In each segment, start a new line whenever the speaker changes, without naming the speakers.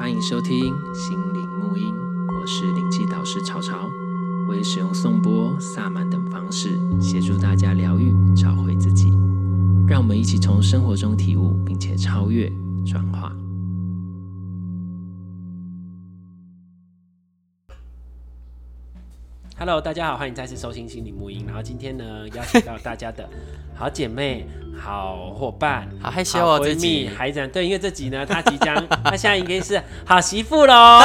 歡迎收聽心靈沐音，我是靈氣導師朝朝。我也使用頌缽、薩滿等方式，協助大家療癒、找回自己。讓我們一起從生活中體悟，並且超越、轉化。Hello，大家好，歡迎再次收聽心靈沐音。然後今天呢，邀請到大家的。 好姐妹，好伙伴，好害羞哦！閨蜜還這樣，對，因為這集呢，她即將，她現在應該是好媳婦嘍，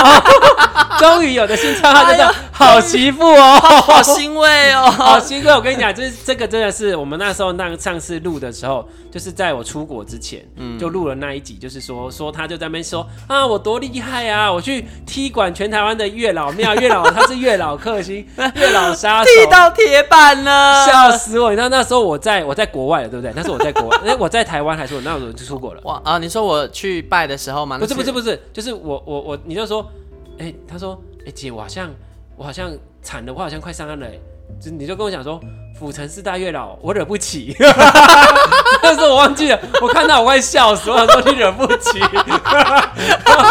終於有的新稱號，真的
好媳婦哦，好欣慰哦，好欣慰！我跟你講，
就是這個真的是我們那時候那上次錄的時候，就是在我出國之前，嗯，就錄了那一集，就是說說她就在那邊說啊，我多厲害啊！我去踢館全台灣的月老廟，月老他是月老克星，月老殺手，踢到
鐵板了，笑
死我！你知道那時候我在我在。在國外的對不對？但是我在國外， 我在台灣還是我那時候就出國了。哇啊！你說我去拜的時候嗎？是不是不是不是，就是我我我，你就說，哎、欸，他說，哎、欸、姐，我好像我好像慘的，我好像快上岸了，欸，就你就跟我講說。府城四大月老，我惹不起。 但是我忘記了，
我看到我快笑
死了，我說你惹不起。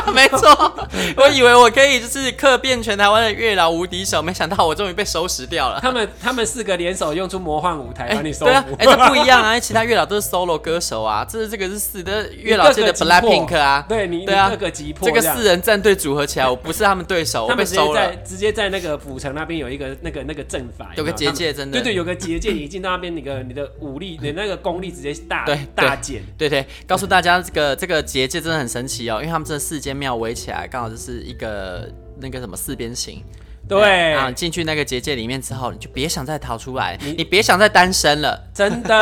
沒錯，我以為我可以就是克遍全台灣的月老無敵手，沒想到我終於被收拾掉了。他們他們四個聯手用出魔幻舞台把你收服、欸。對啊，哎、欸，這不一樣啊！其他月老都是 solo 歌手啊，這是這個是四的月老界的 Black Pink 啊。對你對啊，這個急迫這，這個四人戰隊組合起來，我不是他們對手， 他們我被收了直接
在直接在那個府城那邊有一個那個那個陣法，有個結界，們真的對對，對有個。結界，你一進到那邊，你的你的武力，你的那個功力直接大大減。
對對，告訴大家，這個這個結界真的很神奇哦，因為他們這四間廟圍起來，剛好就是一個那個什麼四邊形。對啊，進去那個結界裡面之後，你就別想再逃出來，你別想再單身了，真的。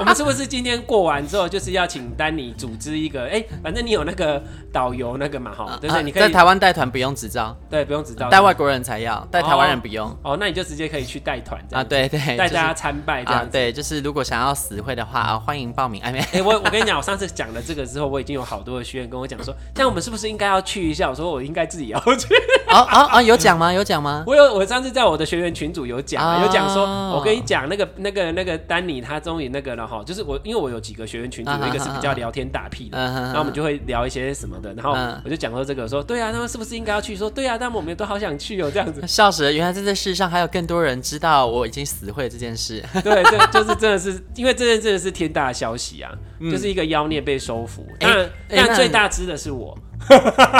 我們是不是今天過完之後，就是要請丹尼組織一個？哎，反正你有那個導遊那個嘛，哈，對你可以。在台灣
帶團不用執照，對，不用執照，帶外國人才要，帶台灣人不用。
哦，那你就直接可以去帶團，啊，對對，帶大家參拜這樣，啊，對，
就是如果想要死會的話，歡迎報名。哎，我
我跟你講，我上次講了這個之後，我已經有好多的學員跟我講說，像我們是不是應該要去一下？我說我應該自己要
去。啊啊啊！有講嗎？有講嗎？
我有，我上次在我的學員群組有講，有講說，我跟你講，那個那個那個丹尼他終於那個了哈，就是我，因為我有幾個學員群組，那個是比較聊天打屁的，然後我們就會聊一些什麼的，然後我就講說這個，說
對啊，他們是不是應該要去？說對啊，但我們都好想去哦，這樣子。笑死了！原來這世上還有更多人知道我已經死會這件事。對，對，就是真的是因為這件事是天大的消息啊！就是一個妖孽被收服，但但最大隻的是我。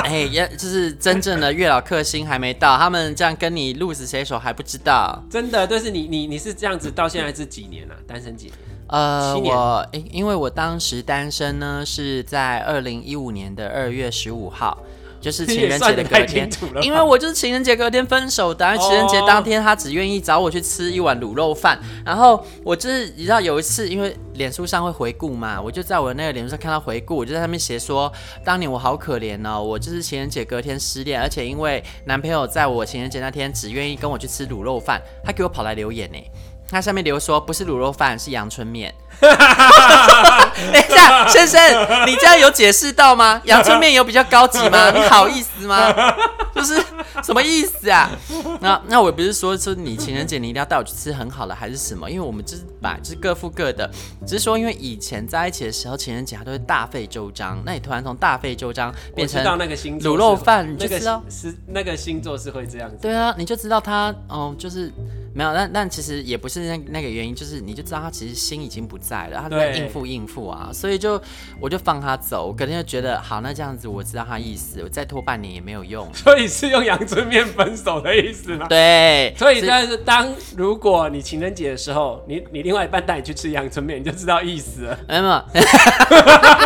哎，也、 欸、就是真正的月老剋星還沒到，他們這樣跟你鹿死誰手還不知道。
真的，就是你你你是這樣子，到現在是幾年了？啊？單身幾年？呃，七年。我
因、欸、因為我當時單身呢，是在二零一五年的二月十五號。就是情人節的隔天，因為我就是情人節隔天分手的。當然，情人節當天，他只願意找我去吃一碗滷肉飯。然後我就是你知道有一次，因為臉書上會回顧嘛，我就在我的那個臉書上看到回顧，我就在上面寫說，當年我好可憐哦，我就是情人節隔天失戀，而且因為男朋友在我情人節那天只願意跟我去吃滷肉飯，他給我跑來留言呢、欸。他下面留言說：“不是滷肉飯，是陽春麵。 ”等一下，先生，你這樣有解釋到嗎？陽春麵有比較高級嗎？你好意思嗎？ 就是什麼意思啊？那、 啊、那我也不是說說你情人節你一定要帶我去吃很好的，還是什麼？因為我們就是把，就是各付各的，只是說因為以前在一起的時候，情人節他都會大費周章。那你突然從大費周章變成滷肉飯，你就知道
是那個星座是會這樣子。
對啊，你就知道他哦、嗯，就是。沒有但、但其實也不是那那個原因，就是你就知道他其實心已經不在了，他在應付應付啊，對所以就我就放他走，我肯定就覺得好，那這樣子我知道他意思，我再拖半年也沒有用，
所以是用陽春麵分手的意思嗎？ 對，所以但是當如果你情人節的時候，你你另外一半帶你去吃陽春麵，你就知道意思了，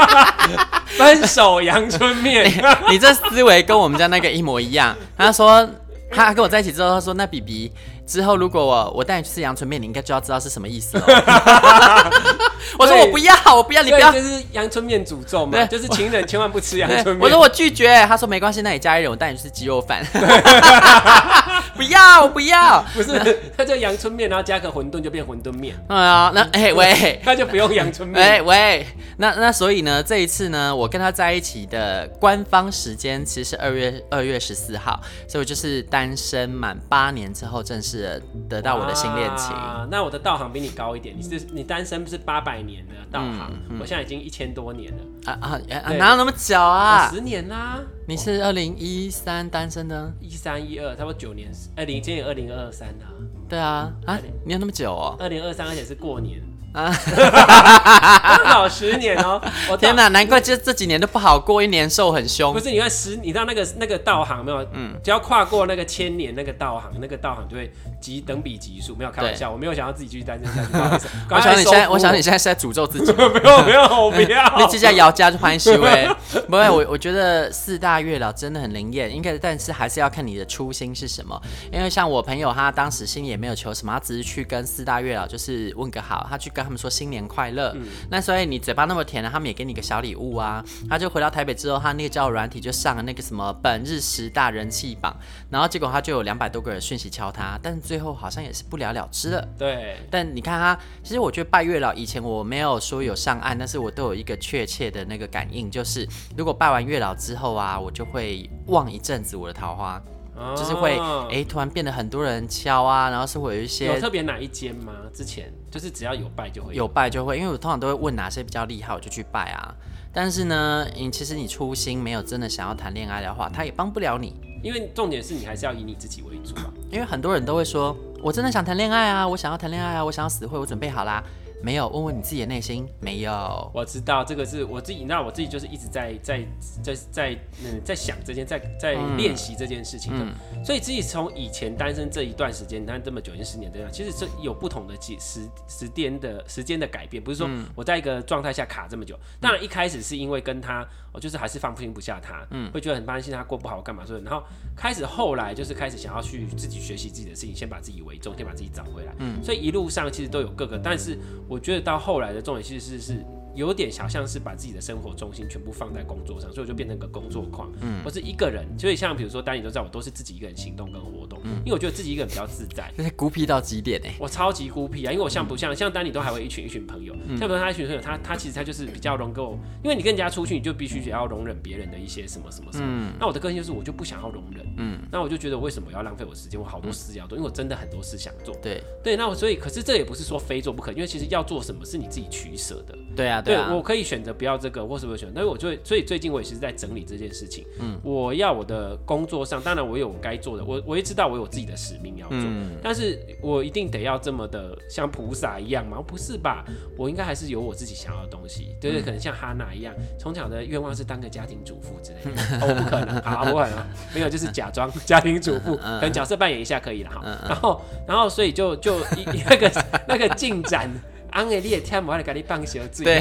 分手陽春麵， 你這思維跟我們家那個一模一樣。他說他跟我在一起之後，他說那 B B。之後，如果我我帶你去吃陽春麵，你應該就要知道是什麼意思嘍、哦。 我說我不要，我不要你不要，就是陽
春面詛咒嘛，就是情人千萬不吃陽春麵。我說我
拒絕，他說沒關係，那你家裡人，我帶你吃雞肉飯。不要不要，不
是他叫陽春麵，然後加個餛飩就變餛飩面。啊，那哎喂，那就不用陽春麵。哎喂，
那那所以呢，這一次呢，我跟他在一起的官方時間其實是二月二月十四號，所以我就是單身滿八年之後正式得到我的新戀情。
那我的道行比你高一點，你是你單身不是八百。年的道行，我現在已經一千多年了啊啊，
啊，啊！哪有那麼久啊？啊十年啦、啊！你是二零一三單身呢？一三一二，差不多九年。二零今年二零二三啊，對啊，啊，你有那麼久啊、哦？二零二三而且是過年。嗯啊，剛好 十年哦、喔！我天哪，難怪這這幾年都不好過，一年瘦很兇。不是你看
十，你知道那個那個道行沒有？嗯，只要跨過那個千年那個道行，那個道行就會級等比級數。沒有開玩笑，對我沒有想要自己去單身。哈哈，不好意思 我想你現在， 我想你現在是在詛咒自己。 沒有沒有，我不要。那 這下姚家就歡喜喂。 不會，
我我覺得四大月老真的很靈驗，應該，但是還是要看你的初心是什麼。因為像我朋友，他當時心裡也沒有求什麼，他只是去跟四大月老就是問個好，他去跟。他們說新年快樂，嗯、那所以你嘴巴那麼甜呢、啊？他們也給你個小禮物啊。他就回到台北之後，他那個交友軟體就上了那個什麼本日十大人氣榜，然後結果他就有兩百多個人訊息敲他，但最後好像也是不了了之了。對，但你看他、啊，其實我覺得拜月老以前我沒有說有上岸，嗯、但是我都有一個確切的那個感應，就是如果拜完月老之後啊，我就會旺一陣子我的桃花。就是會誒、欸，突然變得很多人敲啊，然後是會有一些有特別
哪一間嗎？之前就是只要有拜就會有
拜就會，因為我通常都會問哪些比較厲害，我就去拜啊。但是呢，嗯其實你初心沒有真的想要談戀愛的話，他也幫不了你，
因為重點是你還是要以你自己為主啊。
因為很多人都會說，我真的想談戀愛啊，我想要談戀愛啊，我想要死會，我準備好啦。沒有，問問你自己的內心，沒有。我知道這個是我自己，那我自己就是一直在在在在嗯在想這件在在練習這件
事情的，嗯，所以自己從以前單身這一段時間，你看這麼久已經十年對吧？其實這有不同的幾時時間的時間的改變，不是說我在一個狀態下卡這麼久。當然一開始是因為跟他。嗯跟他就是還是放不心不下他，嗯，會覺得很擔心他過不好，幹嘛？所以然後開始後來就是開始想要去自己學習自己的事情，先把自己為重，先把自己找回來。嗯，所以一路上其實都有各個，但是我覺得到後來的重點其實是是。有點小像是把自己的生活重心全部放在工作上，所以我就變成一個工作狂。嗯，我是一個人，所以像比如說丹尼都知道，我都是自己一個人行動跟活動。嗯、因為我覺得自己一個人比較自在。那
孤僻到極點呢、欸？我
超級孤僻啊，因為我像不像、嗯、像丹尼都還有一群一群朋友，嗯、像比如他一群朋友，他他其實他就是比較能夠，因為你跟人家出去，你就必須要容忍別人的一些什麼什麼什麼。嗯、那我的個性就是我就不想要容忍。嗯，那我就覺得為什麼要浪費我時間？我好多事要做，因為我真的很多事想做。對對，那我所以可是這也不是說非做不可，因為其實要做什麼是你自己取捨的。
對啊，對，啊對，我可
以選擇不要這個，我是不是選擇，但是我就所以最近我也是在整理這件事情。嗯，我要我的工作上，當然我有我該做的，我我也知道我有自己的使命要做，嗯、但是我一定得要這麼的像菩薩一樣嗎？不是吧？嗯、我應該還是有我自己想要的東西，就是、嗯、可能像哈娜一樣，從小的願望是當個家庭主婦之類的，哦不可能，好，不可能，沒有，就是假裝家庭主婦，嗯嗯嗯、可能角色扮演一下可以了，哈，嗯嗯、然後然後所以就就以那個那個進展。 安個你也聽唔來，我來給你放小曲。對，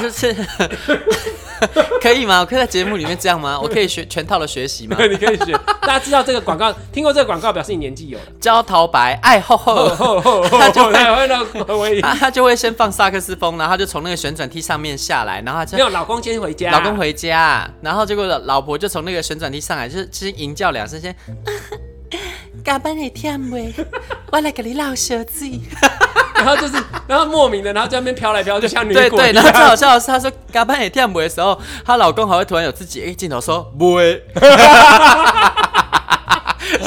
就是 可以嗎？我可以在節目裡面這樣嗎？我可以學全套的學習嗎？對、嗯，你可以學。大家知道這個廣告， 聽過這個廣告表示你年紀有了。焦桃白哎後後他就會先放薩克斯風，然後他就從那個旋轉梯上面下來，然後他就沒有老公先回家，老公回家，然後結果老婆就從那個旋轉梯上來，就是直接吟叫兩聲先。加班 會忝未？我來給你撈小曲。
然後就是，然後莫名的，然後就在那邊飄來飄去，就像女鬼。 對對，然後最
好笑的是，她說剛辦也跳舞的時候，她老公還會突然有自己誒鏡頭說不。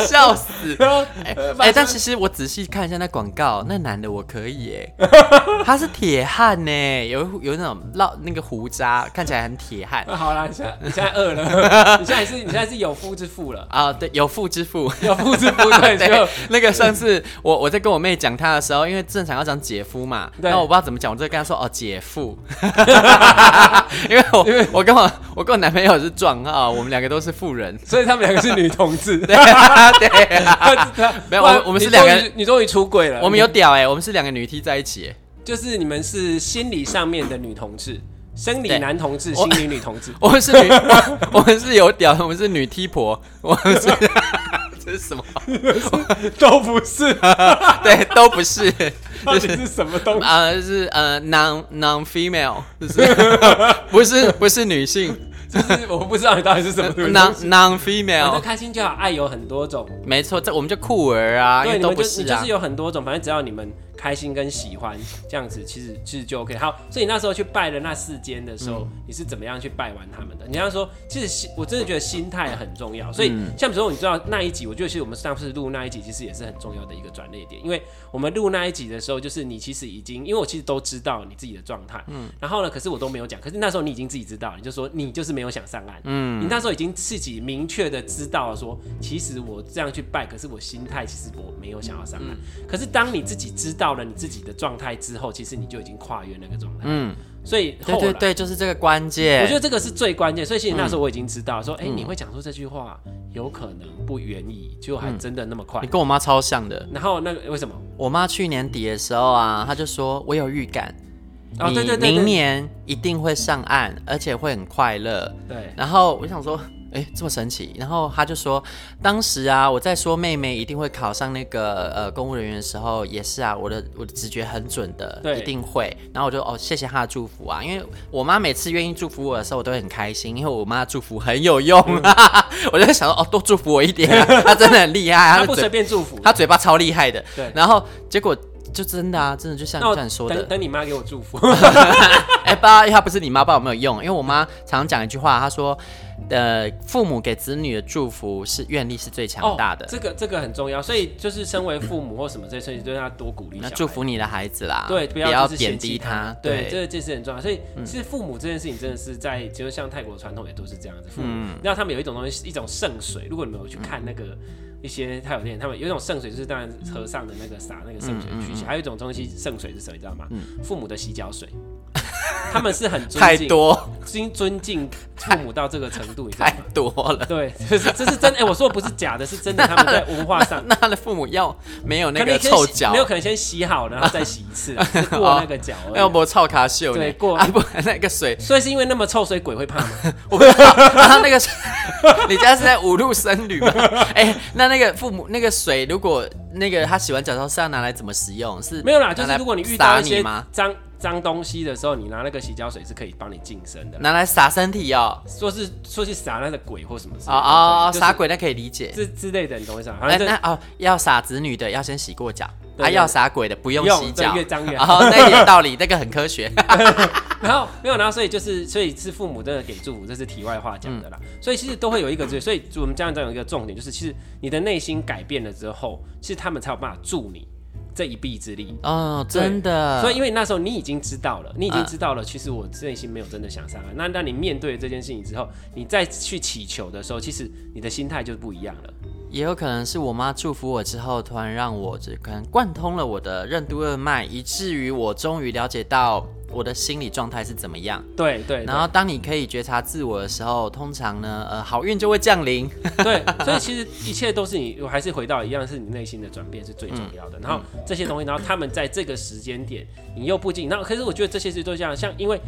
笑死！哎、欸欸、但其實我仔細看一下那廣告，那男的我可以哎、欸，他是鐵漢呢，有有那種烙那個胡渣，看起來很鐵漢。好了，你現你現在餓了，你現在是你現在
是有夫之婦
了啊？對，有夫之婦，有夫之婦，對對。 對對那個上次我我在跟我妹講他的時候，因為正常要講姐夫嘛，對然後我不知道怎麼講，我就跟他說哦姐夫， 因為我因為我跟我我跟我男朋友是壯啊，我們兩個都是婦人，所以他們兩個是女
同志。 對對，沒有，我們我們是兩個，你終於出櫃了。我們有屌哎，
我們是兩個女 T 在一起，就是你們是心理上面的女同志，生理男同志，心理女同志。我們是女，我們是有屌，我們是女 T 婆，我們是，這是什麼？都不是，對，都不是，到底是什麼東西啊？是呃，non non female，不是不是不是女性。 就是我不知道你到底是什麼東西 ，non, non female，我們開
心就好。愛有很多種，
沒錯，這我們就酷兒啊，對，因為都不是啊，你就，你就是有
很多種，反正只要你們。開心跟喜歡這樣子，其實其實就 OK 好。所以你那時候去拜了那四間的時候，嗯、你是怎麼樣去拜完他們的？你要說，其實我真的覺得心態很重要。所以、嗯、像比如說，你知道那一集，我覺得其實我們上次錄那一集，其實也是很重要的一個轉捩點。因為我們錄那一集的時候，就是你其實已經，因為我其實都知道你自己的狀態。嗯。然後呢，可是我都沒有講。可是那時候你已經自己知道了，你就說你就是沒有想上岸。嗯。你那時候已經自己明確的知道說其實我這樣去拜，可是我心態其實我沒有想要上岸。嗯嗯、可是當你自己知道。到了你自己的狀態之後，其實你就已經跨越那個狀態。嗯，所以對對對，就是這個關鍵。我覺得這個是最關鍵。嗯、所以其實那時候我已經知道說，說哎、嗯欸，你會講出這句話，有可能不遠矣，就還真的那麼快。嗯、你
跟我媽超像的。然後那個、欸、為什麼？我媽去年底的時候啊，她就說：“我有預感，
對對，對你明年
一定會上岸，而且會很快樂。”對。然後我想說。哎，這麼神奇！然後他就說，當時啊，我在說妹妹一定會考上那個呃公務人員的時候，也是啊，我的我的直覺很準的，對一定會。然後我就哦，謝謝他的祝福啊，因為我媽每次願意祝福我的時候，我都會很開心，因為我媽的祝福很有用。嗯、 我就在想說，哦，多祝福我一點、啊。對她真的很厲害啊，她她不隨便祝福，她嘴巴超厲害的。對，然後結果就真的啊，真的就像你這樣說的等。等你媽給我祝福。哎， 爸，他不是你媽，爸有沒有用？因為我媽常常講一句話，她說。呃，父母給子女的祝福是願力是最強大的，這個
這個很重要，所以就是身為父母或什麼這些事情都要多鼓勵一下。祝福你的
孩子啦，對，不要貶低他，對，這這
件事很重要。所以其實父母這件事情真的是在，就是像泰國傳統也都是這樣子。父母，那他們有一種東西，一種聖水。如果你沒有去看那個一些泰國電影，他們有一種聖水，就是當然和尚的那個灑那個聖水取起來，還有一種東西聖水是什麼，你知道嗎？父母的洗腳水。他們是很尊敬太多尊尊敬父母到這個程度太，太多了。對，這是這是真的、欸。我說
不是假的，是真的。他們在文化上那那，那他的父母要沒有那個臭腳，沒有可能先洗好，然後再洗一次，啊、過那個腳，要不、哦、臭卡秀，對，過、啊、不那個水，所以是因為那麼臭水鬼會怕嗎？我不知道。那個你家是在五路生女嗎？哎、欸，那那個父母那個水，如果那個他洗完腳之後是要拿來怎麼使用？是沒有啦，就是如果你遇到你。
髒。髒東西的時候，你拿那個洗腳水是可以幫你淨身的，
拿來灑身體哦，說
是說去灑那個鬼或什麼，哦，哦哦，灑、就是、鬼那可以理解，之之類的，你懂我意思嗎？那
哦，要灑子女的要先洗過腳，他、啊、要灑鬼的不用洗腳，越髒越好，那也有 道理，那個很科學，
然後沒有，然後所以就是，所以是父母真的給祝福，這、就是題外話講的啦，嗯、所以其實都會有一個、嗯、所以我們家長有一個重點就是，其實你的內心改變了之後，其實他們才有辦法助你這一臂之力
哦，真的，所以因
為那時候你已經知道了，你已經知道了，呃，其實我內心沒有真的想
上來。那當你面對這件事情之後，你再去祈求的時候，其實你的心態就是不一樣了。也有可能是我媽祝福我之後，突然讓我這跟貫通了我的任督二脈，以至於我終於了解到。我的心理狀態是怎麼樣？對對、對，然後當你可以覺察自我的時候，通常呢，呃，好運就會降臨。 對，所以其實一切都是你，我還是回到一樣，是你內心的轉變是最重要的。嗯、然後這些東西，嗯、然後他
們在這個時間點，嗯、你又不進。那可是我覺得這些事都這樣，像因為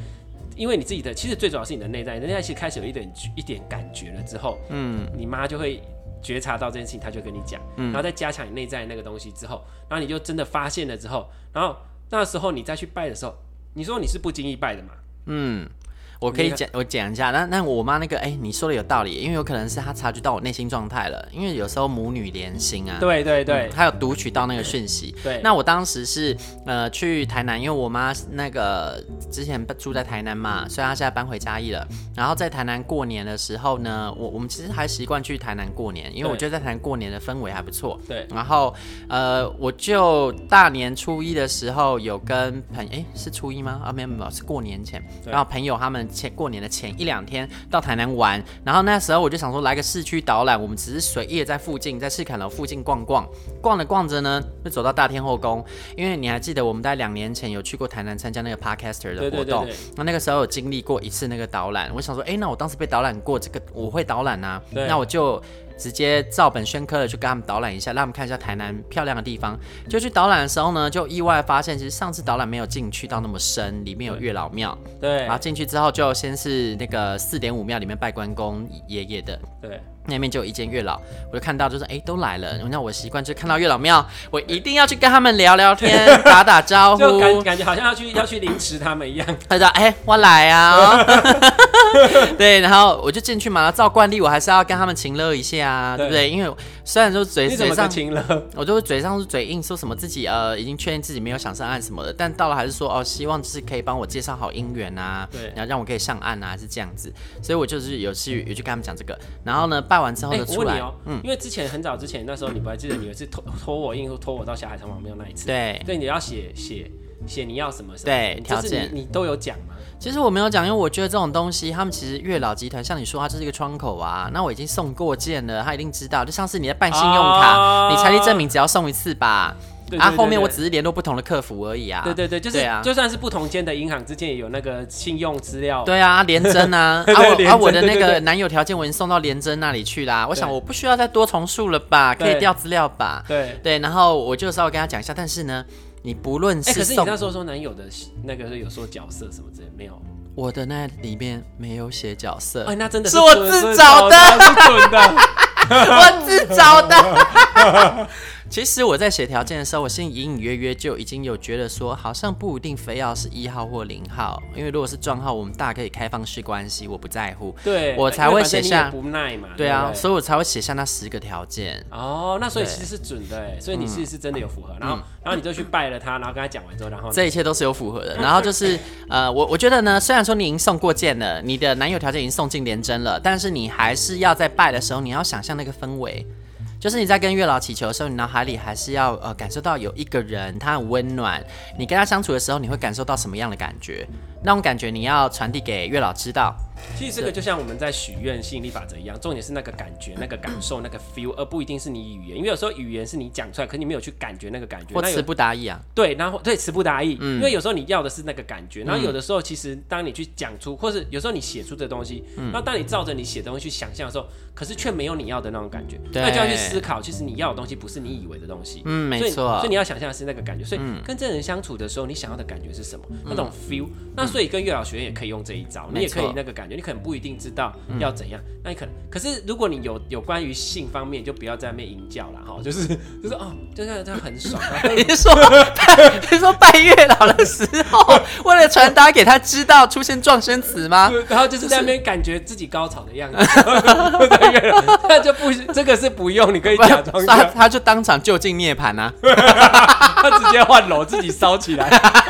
因為你自己的，其實最主要是你的內在，內在其實開始有一點一點感覺了之後，嗯，你媽就會覺察到這件事情，她就跟你講。然後再加強你內在那個東西之後，然後你就真的發現了之後，然後那時候你再去拜的時候。你說你是不經意拜的嗎？嗯。
我可以講，可我講一下。那那我媽那個，哎、欸，你說的有道理，因為有可能是她察覺到我內心狀態了，因為有時候母女連心啊。對對對、嗯，她有讀取到那個訊息對。對。那我當時是呃去台南，因為我媽那個之前住在台南嘛，嗯、所以她現在搬回嘉義了，然後在台南過年的時候呢，我我們其實還習慣去台南過年，因為我覺得在台南過年的氛圍還不錯。對。然後呃，我就大年初一的時候有跟朋哎、欸、是初一嗎？啊沒有沒有，是過年前，對然後朋友他們。前過年的前一兩天到台南玩，然後那時候我就想說來個市區導覽，我們只是隨意在附近，在赤崁樓附近逛逛，逛着逛着呢，就走到大天後宮。因為你還記得我們在兩年前有去過台南參加那個 Podcaster 的活動，那那個時候有經歷過一次那個導覽，我想說，哎，那我當時被導覽過這個，我會導覽啊，對那我就。直接照本宣科的去跟他們導覽一下，讓他們看一下台南漂亮的地方。就去導覽的時候呢，就意外發現，其實上次導覽沒有進去到那麼深，裡面有月老廟。對，然後進去之後就先是那個四點五廟裡面拜關公爺爺的。對。那邊就有一間月老，我就看到，就是哎、欸，都來了。那我習慣就看到月老廟，我一定要去跟他們聊聊天，打打招呼，就感覺好像要
去要去凌遲他們一
樣。他說：“哎、欸，我來啊、哦。” 對，然後我就進去嘛。照慣例，我還是要跟他們情樂一下，對，對不對？因為。雖然說嘴嘴嘴上，我就是嘴上是嘴硬，說什麼自己呃已經確認自己沒有想上岸什麼的，但到了還是說哦，希望是可以幫我介紹好姻緣啊，對，然後讓我可以上岸啊，是這樣子，所以我就是有去有去跟他們講這個，然後呢拜完之後就出來，欸喔、嗯，因為
之前很早之前那時候你不還記得你是托托我硬或托我到小海城旁邊那一
次，對，對，你
要寫寫。寫你要什麼？對，條件你都
有講嗎？其實我沒有講，因為我覺得這種東西，他們其實月老集團像你說他就是一個窗口啊。那我已經送過件了，他一定知道。就像是你在辦信用卡，你財力證明只要送一次吧。啊，後面我只是聯絡不同的客服而已啊。對對對，就是啊，就算
是不同間的銀行之間也有那個信用資料。對啊，聯徵啊，而我而我的那個
男友條件我已經送到聯徵那裡去啦。我想我不需要再多重述了吧？可以調資料吧？對對，然後我就稍微跟他講一下，但是呢。你不論是、欸，可是你那時候
說男友的那個有說角色什麼之類沒有？
我的那裡面沒有寫角色，哎、欸，那真的是我自找的，的， 我自找的。 其實我在寫條件的時候，我心裡隱隱約約就已經有覺得說，好像不一定非要是一號或零號，因為如果是壯號，我們大可以開放式關係，我不在乎。對，我才會寫下不耐嘛。對，對，對啊，所以我才會寫下那十個條件。
哦，那所以其實是準的，對所以你是、嗯、是真的有符合。然後，嗯、然後你就去拜了他，嗯、然後跟他講完之後，然後這一切都
是有符合的。然後就是， 呃，我我覺得呢，雖然說你已經送過件了，你的男友條件已經送進連針了，但是你還是要在拜的時候，你要想象那個氛圍。就是你在跟月老祈求的時候，你腦海裡還是要呃感受到有一個人，他很溫暖。你跟他相處的時候，你會感受到什麼樣的感覺？那種感覺你要傳遞給月老知道。其實這個就
像我們在許願吸引力法則一樣，重點是那個感覺、那個感受、那個 feel，而不一定是你語言。因為有時候語言是你講出來，可是你沒有去感覺那個感覺。我詞不達意啊。對，然後對詞不達意，嗯、因為有時候你要的是那個感覺。然後有的時候，其實當你去講出，或是有時候你寫出的東西，嗯、然後當你照着你寫的東西去想象的時候，可是卻沒有你要的那種感覺。對，那就要去思考，其實你要的東西不是你以為的東西。嗯，沒錯。所以你要想象的是那個感覺。所以跟真人相處的時候，你想要的感覺是什麼？嗯、那種 feel。那所以跟月老學院也可以用這一招，嗯、你也可以那個感覺。你可能不一定知道要怎樣，嗯、那你可能可是如果你有有關於性方面，就不要在那邊淫叫了哈，就是就是哦，就這他很爽，啊，你說他 你
說拜月老的時候，為了傳達給他知道出現狀聲詞嗎？然後就是在那邊
感覺自己高潮的樣子，那、
就是、 就不 這個是不用，你可以假裝他他就當場就近涅槃啊， 他直接換樓自己燒起來。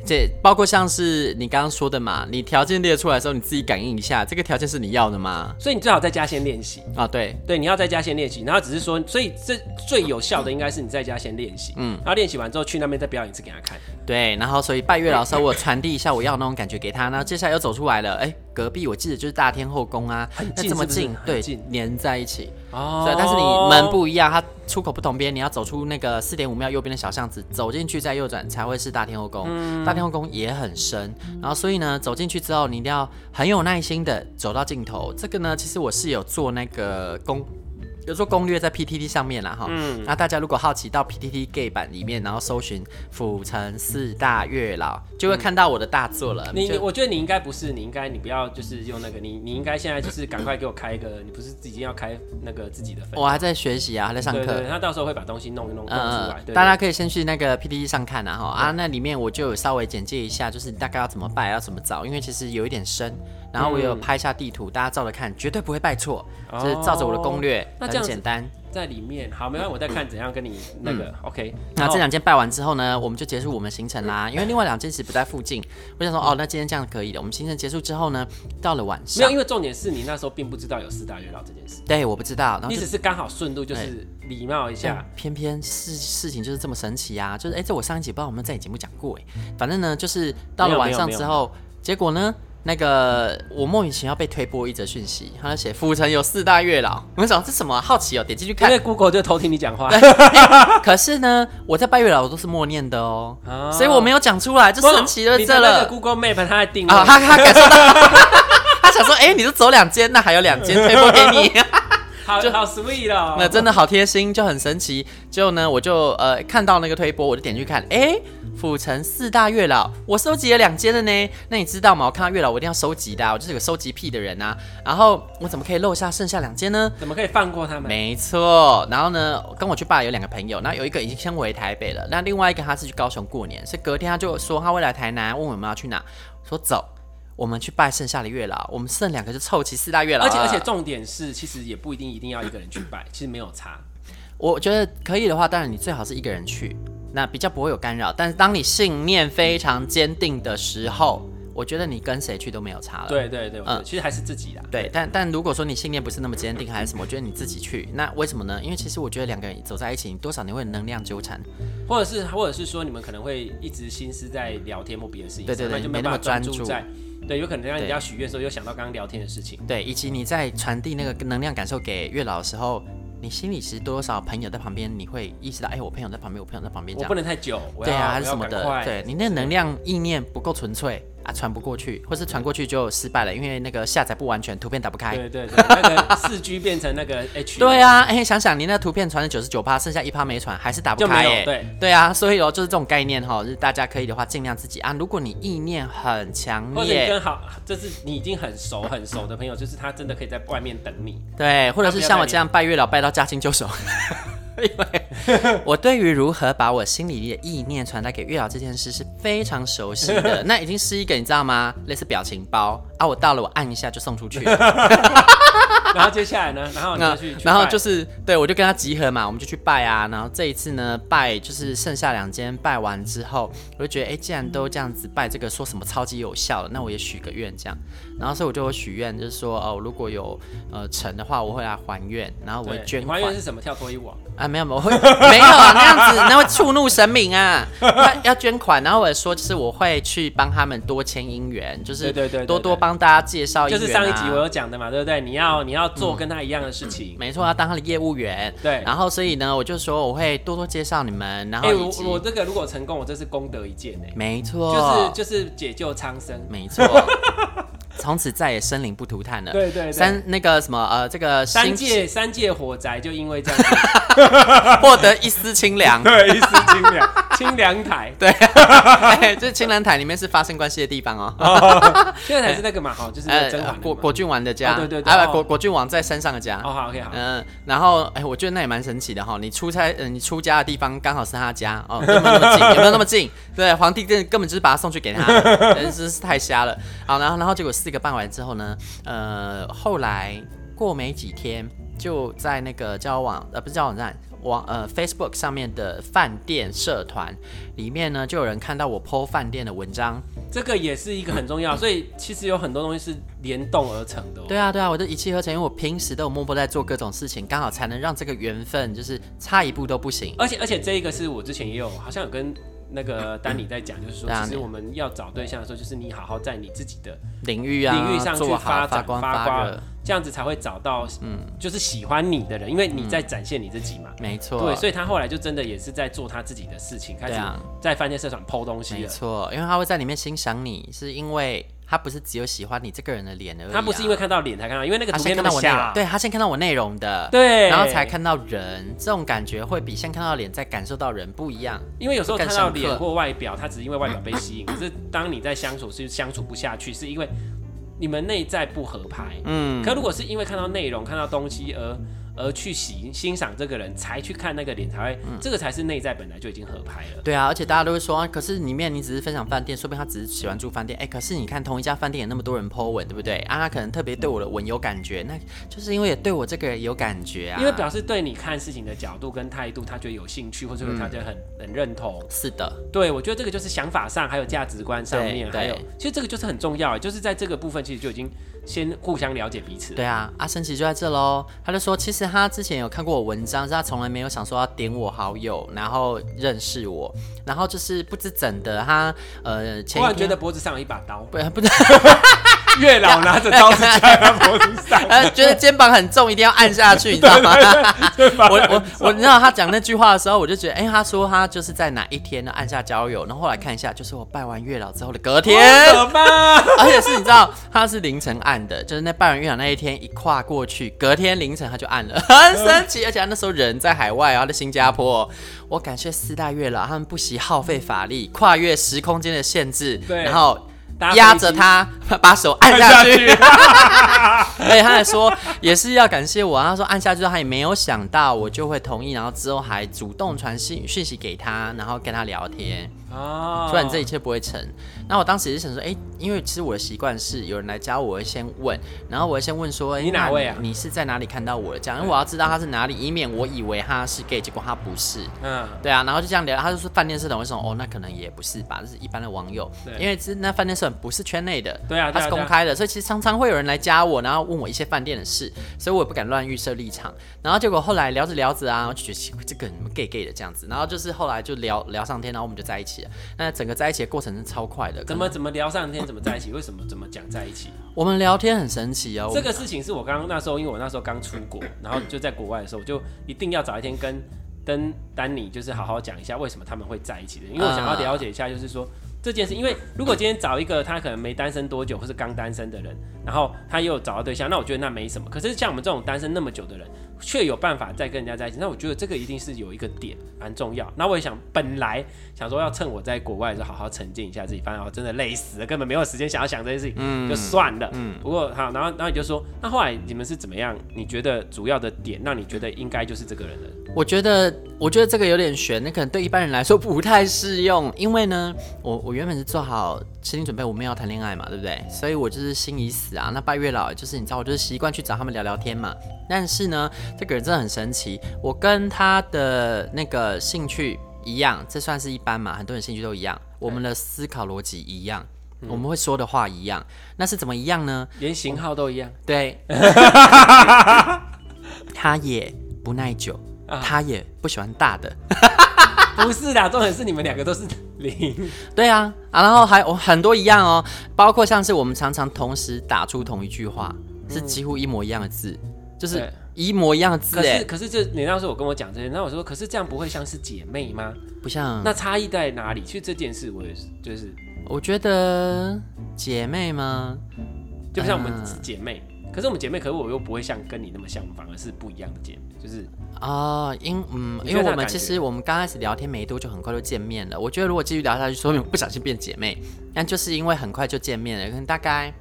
對，包括像是你剛剛說的嘛，你條件列出來的時候，你自己感應一下，這個條件是你要的嗎？
所以你最好在家先練習啊，對對，你要在家先練習，然後只是說，所以這最有效的應該是你在家先練習，嗯，然後練習完之後去那邊再表演一次給他看，
對，然後所以拜月老時我傳遞一下我要那種感覺給他，那對接下來又走出來了，哎，隔壁我記得就是大天後宮啊，很近，很近，對近，對，連在一起，哦，對，但是你門不一樣，他。出口不同邊，你要走出那個四點五秒右邊的小巷子，走進去再右轉才會是大天後宮。大天後宮也很深，然後所以呢，走進去之後，你一定要很有耐心的走到盡頭。這個呢，其實我是有做那個工。有做攻略在 PTT 上面啦，哈，那大家如果好奇到 PTT Gay 版裡面，然後搜尋府城四大月老，就會看到我的大作了。你我
覺得你應該不是，你應該你不要就是用那個，你你應該現在就是趕快給我開一個，你不是已經要開那個自己的粉。我
還在學習啊，還在上課，那到時候會把東西弄一弄弄出來。對，大家可以先去那個 PTT 上看啊，哈，啊那裡面我就有稍微簡介一下，就是大概要怎麼拜，要怎麼找，因為其實有一點深。然後我有拍下地圖，大家照着看絕對不會拜錯，就是照着我的攻略。很簡單，
在裡面好，沒關係，我在看怎樣跟你
那個、嗯、OK。那這兩件拜完之後呢，我們就結束我們行程啦，嗯、因為另外兩件事不在附近。我想說，嗯、哦，那今天這樣可以的。我們行程結束之後呢，到了晚上沒有？
因為重點是你那時候並不知道有四大月老
這件事。對，我不知道，你只是
剛好順路就是禮貌一下。
偏偏事事情就是這麼神奇呀、啊，就是哎、欸，這我上一集不知道我們在你節目講過哎、欸，反正呢，就是到了晚上之後，結果呢？那個我莫名其妙要被推播一則訊息，他寫府城有四大月老，你們想這是什麼好奇哦、喔？點進去看，因為 Google 就偷聽你講話、欸。可是呢，我在拜月老都是默念的哦、喔，oh. 所以我沒有講出來，就神奇在這了。Oh. Google Map 他在定位，他他感受到， 他想說，哎、欸，你都走兩間、啊，那還有兩間推播給你， 好，
就好 sweet 哦，那真的
好貼心，就很神奇。之後呢，我就呃看到那個推播，我就點去看，哎、欸。府城四大月老，我收集了兩間的呢。那你知道嗎？我看到月老，我一定要收集的啊。我就是個收集癖的人啊。然後我怎麼可以漏下剩下兩間呢？怎麼可以放過他們？沒錯。然後呢，跟我去拜有兩個朋友，那有一個已經先回台北了，那另外一個他是去高雄過年，所以隔天他就說他會來台南，問我們要去哪，說走，我們去拜剩下的月老。我們剩兩個就湊齊四大月老。而且而且
重點是，其實也不一定一定要一個人去拜， 其實沒有差。
我覺得可以的話，當然你最好是一個人去，那比較不會有干擾。但是當你信念非常堅定的時候，我覺得你跟誰去都沒有差了。對對對，嗯，其實還是自己啦。對，但但如果說你信念不是那麼堅定，還是什麼， 我覺得你自己去。那為什麼呢？因為其實我覺得兩個人走在一起，多少你會能量糾纏，
或者是或者是說你們可能會一直心思在聊天或別的事情對，對對，就沒，沒那麼專注在。對，有可能在人家許願的時候對又想到剛剛聊天的事情。
對，以及你在傳遞那個能量感受給月老的時候。你心裡是多少朋友在旁邊，你會意識到，哎、欸，我朋友在旁邊，我朋友在旁邊，這樣不能太久，對啊，還是什麼的，對，你那能量意念不夠純粹，傳不過去，或是傳過去就失敗了，因為那個下載不完全，圖片打不開。對對對，那個
四 G 變成那個 H。對啊，
哎、欸，想想你那圖片傳了九十九趴，剩下一趴沒傳，還是打不開、欸。就對對啊，所以哦，就是這種概念哈，就是大家可以的話，盡量自己啊。如果你意念很強烈，或者跟
好，就是你已經很熟很熟的朋友，就是他真的可以在外面等你。對，或者是像我這樣
拜月老，拜到佳期就熟。 因為我對於如何把我心裡的意念傳達給月老這件事，是非常熟悉的。那已經是一個你知道嗎？類似表情包啊，我到了，我按一下就送出去了。 然後接下來呢？然後你、啊、拜然後就是對我就跟他集合嘛，我們就去拜啊。然後這一次呢，拜就是剩下兩間拜完之後，我就覺得哎，既然都這樣子拜這個，說什麼超級有效了，那我也許個願這樣。然後所以我就我許願就是說哦，如果有呃成的話，我會來還願，然後我會捐款。你還願是
什麼？跳脫衣舞。
啊？沒有，沒有，會 沒有啊，那樣子那會觸怒神明啊。要, 要捐款，然後我也說就是我會去幫他們多牽姻緣，就是對對，多多幫大家介紹、啊對對對對對。就是上一集我有講的嘛，對不對？你要你要。要做跟他一樣的事情，嗯嗯、沒錯，要當他的業務員。嗯、對，然後所以呢，我就說我會多多介紹你們。然後、欸我，我
這個如果成功，我這是功德一件呢。沒錯錯，就是就是解救蒼生，沒錯
錯，從 此再也生靈不塗炭了。對，對對，三那個什麼呃，這個三界三界火災就因為這樣。 獲 得一絲清涼， 對，一絲清涼，清涼臺， 對， 欸、就是清涼臺裡面是發生關係的地方哦。 oh, oh, oh. 清涼臺是那個嘛，哈、欸，就是真、呃呃、果果郡王的家，啊、對,對對對，哎、啊哦，果果郡王在山上的家。哦好，OK 好。嗯、呃，然後哎、欸，我覺得那也蠻神奇的哈、哦，你出差，嗯，你出家的地方剛好是他的家哦，那麼那麼有沒有那麼近，也沒有那麼近。對，皇帝根本就是把他送去給他，人真、 就是太瞎了。好，然後然後結果四個辦完之後呢，呃，後來過沒幾天。就在那個交往呃不是交友網站網呃 Facebook 上面的飯店社團裡面呢，就有人看到我 PO 飯店的文章，這個也是一個很重
要，嗯、所以其實有很多東西是聯動而成的、哦。對啊
對啊，我都一氣呵成，因為我平時都有默默在做各種事情，剛好才能讓這個緣分就是差一步都不行。
而且而且這一個是我之前也有好像有跟那個丹尼在講，就是說其實我們要找對象的時候，就是你好好在你自己的
你領域啊領域上去發,做發光發熱。
這樣子才會找到，嗯，就是喜歡
你的人，因為你在展現你自己嘛。嗯、沒錯。對，所以他
後來就真的也是在做他自己的
事情，啊、開始在飯店社場 PO 東西了。沒錯，因為他會在裡面欣賞你，是因為他不是只有喜歡你這個人的臉而已、啊。他不是
因為看到臉才看到，因為那個先看到我內，對，
他先看到我內容的，對，然後才看到人，這種感覺會比先看到臉再感受到人不一樣。因為有時候看到臉
或外表，他只是因為外表被吸引。 可是當你在相處，是相處不下去，是因為。你們內在不合拍，嗯，可如果是因為看到內容、看到東西而。而去欣欣賞這個人才去看那個臉，才會、嗯、這個才是內在本來就已經合拍
了。對啊，而且大家都會說，啊、可是裡面你只是分享飯店，說不定他只是喜歡住飯店。哎、欸，可是你看同一家飯店有那麼多人 PO 文，對不對？啊，可能特別對我的文有感覺，嗯、那就是因為也對我這個人有感覺啊。因為表示
對你看事情的角度跟態度，他覺得有興趣，或者說他覺得很、嗯、很認同。是的，對，我覺得這個就是想法上，還有價值觀上面，對對還有其實這個就是很重
要，就是在這個部分，其實就已經。先互相了解彼此。對啊，阿森奇就在這嘍。他就說，其實他之前有看過我文章，但他從來沒有想說要點我好友，然後認識我。然後就是不知怎的，他呃，前。突然覺得脖子上有一把刀，對啊、不不知道。 月老拿着刀子在他脖子上， 覺得肩膀很重，一定要按下去，你知道嗎？我我我，你知道他講那句話的時候，我就覺得，哎，他說他就是在哪一天呢，按下交友，然後後來看一下，就是我拜完月老之後的隔天，怎麼辦？而且是，你知道他是凌晨按的，就是那拜完月老那一天一跨過去，隔天凌晨他就按了，很神奇。而且他那時候人在海外啊，在新加坡，我感謝四大月老，他們不惜耗費法力，跨越時空間的限制，然後。壓着他，把手按下去。而且 他還說，也是要感謝我啊。他說按下去，他也沒有想到我就會同意。然後之後還主動傳信訊息給他，然後跟他聊天。嗯哦，不、oh. 然這一切不會成。那我當時也是想說，哎、欸，因為其實我的習慣是，有人來加我，我會先問，然後我會先問說，欸、你哪位啊你？你是在哪裡看到我的？這樣，因為我要知道他是哪裡，以免我以為他是 gay，結果他不是。嗯，uh. 對啊，然後就這樣聊，他就說飯店社長，我會說，哦，那可能也不是吧，就是一般的網友。對因為是那飯店社長不是圈內的對、啊，對啊，他是公開的，所以其實常常會有人來加我，然後問我一些飯店的事，所以我也不敢亂預設立場。然後結果後來聊着聊着啊，然後就覺得這個人 gay gay 的這樣子，然後就是後來就聊聊上天，然後我們就在一起。那整個在一起的過程是超快的，怎麼怎麼聊上天，怎麼在一起，為什
麼怎麼講在一起？
我們聊天很神奇哦。這個事
情是我剛剛那時候，因為我那時候剛出國，然後就在國外的時候，我就一定要找一天跟跟丹尼就是好好講一下為什麼他們會在一起的，因為我想要了解一下，就是說、呃、這件事，因為如果今天找一個他可能沒單身多久，或是剛單身的人，然後他又找到對象，那我覺得那沒什麼。可是像我們這種單身那麼久的人。卻有辦法再跟人家在一起，那我覺得這個一定是有一個點蠻重要。那我也想，本來想說要趁我在國外的時候好好沉浸一下自己，反正我真的累死了，根本沒有時間想要想這些事情，嗯，就算了。嗯。不過好，然後然後你就說，那後來你們是怎麼樣？你覺得主要的點，讓你覺得應該就是這個人
了。我覺得，我覺得這個有點玄，那可能對一般人來說不太適用，因為呢，我我原本是做好。心理準備，我們要談戀愛嘛，對不對？所以我就是心已死啊。那拜月老就是你知道，我就是習慣去找他們聊聊天嘛。但是呢，這個人真的很神奇，我跟他的那個興趣一樣，這算是一般嘛？很多人興趣都一樣，我們的思考邏輯一樣，嗯、我們會說的話一樣。那是怎麼一樣呢？連型號都一樣。對， 他也不耐久，啊、他也不喜歡大的。 不是的，
重點是你們兩個都是零。
對啊，啊，然後還有很多一樣哦，包括像是我們常常同時打出同一句話，是幾乎一模一樣的字，嗯、就是一模一樣的字可。可
是可是，這，你當時我跟我講這些，那我說，可是這樣不會像是姐妹嗎？
不像。那
差異在哪裡？其實這件事我也是，就是
我覺得姐妹嗎？就不像我們
姐妹。啊可是我們姐妹，可是我又不會像跟你那麼像，反而是
不一樣的姐妹。就是啊、呃，因嗯，因為我們其實我們剛開始聊天沒多久，很快就見面了。我覺得如果繼續聊下去，說不定不小心變姐妹。嗯、但就是因為很快就見面了，可能大概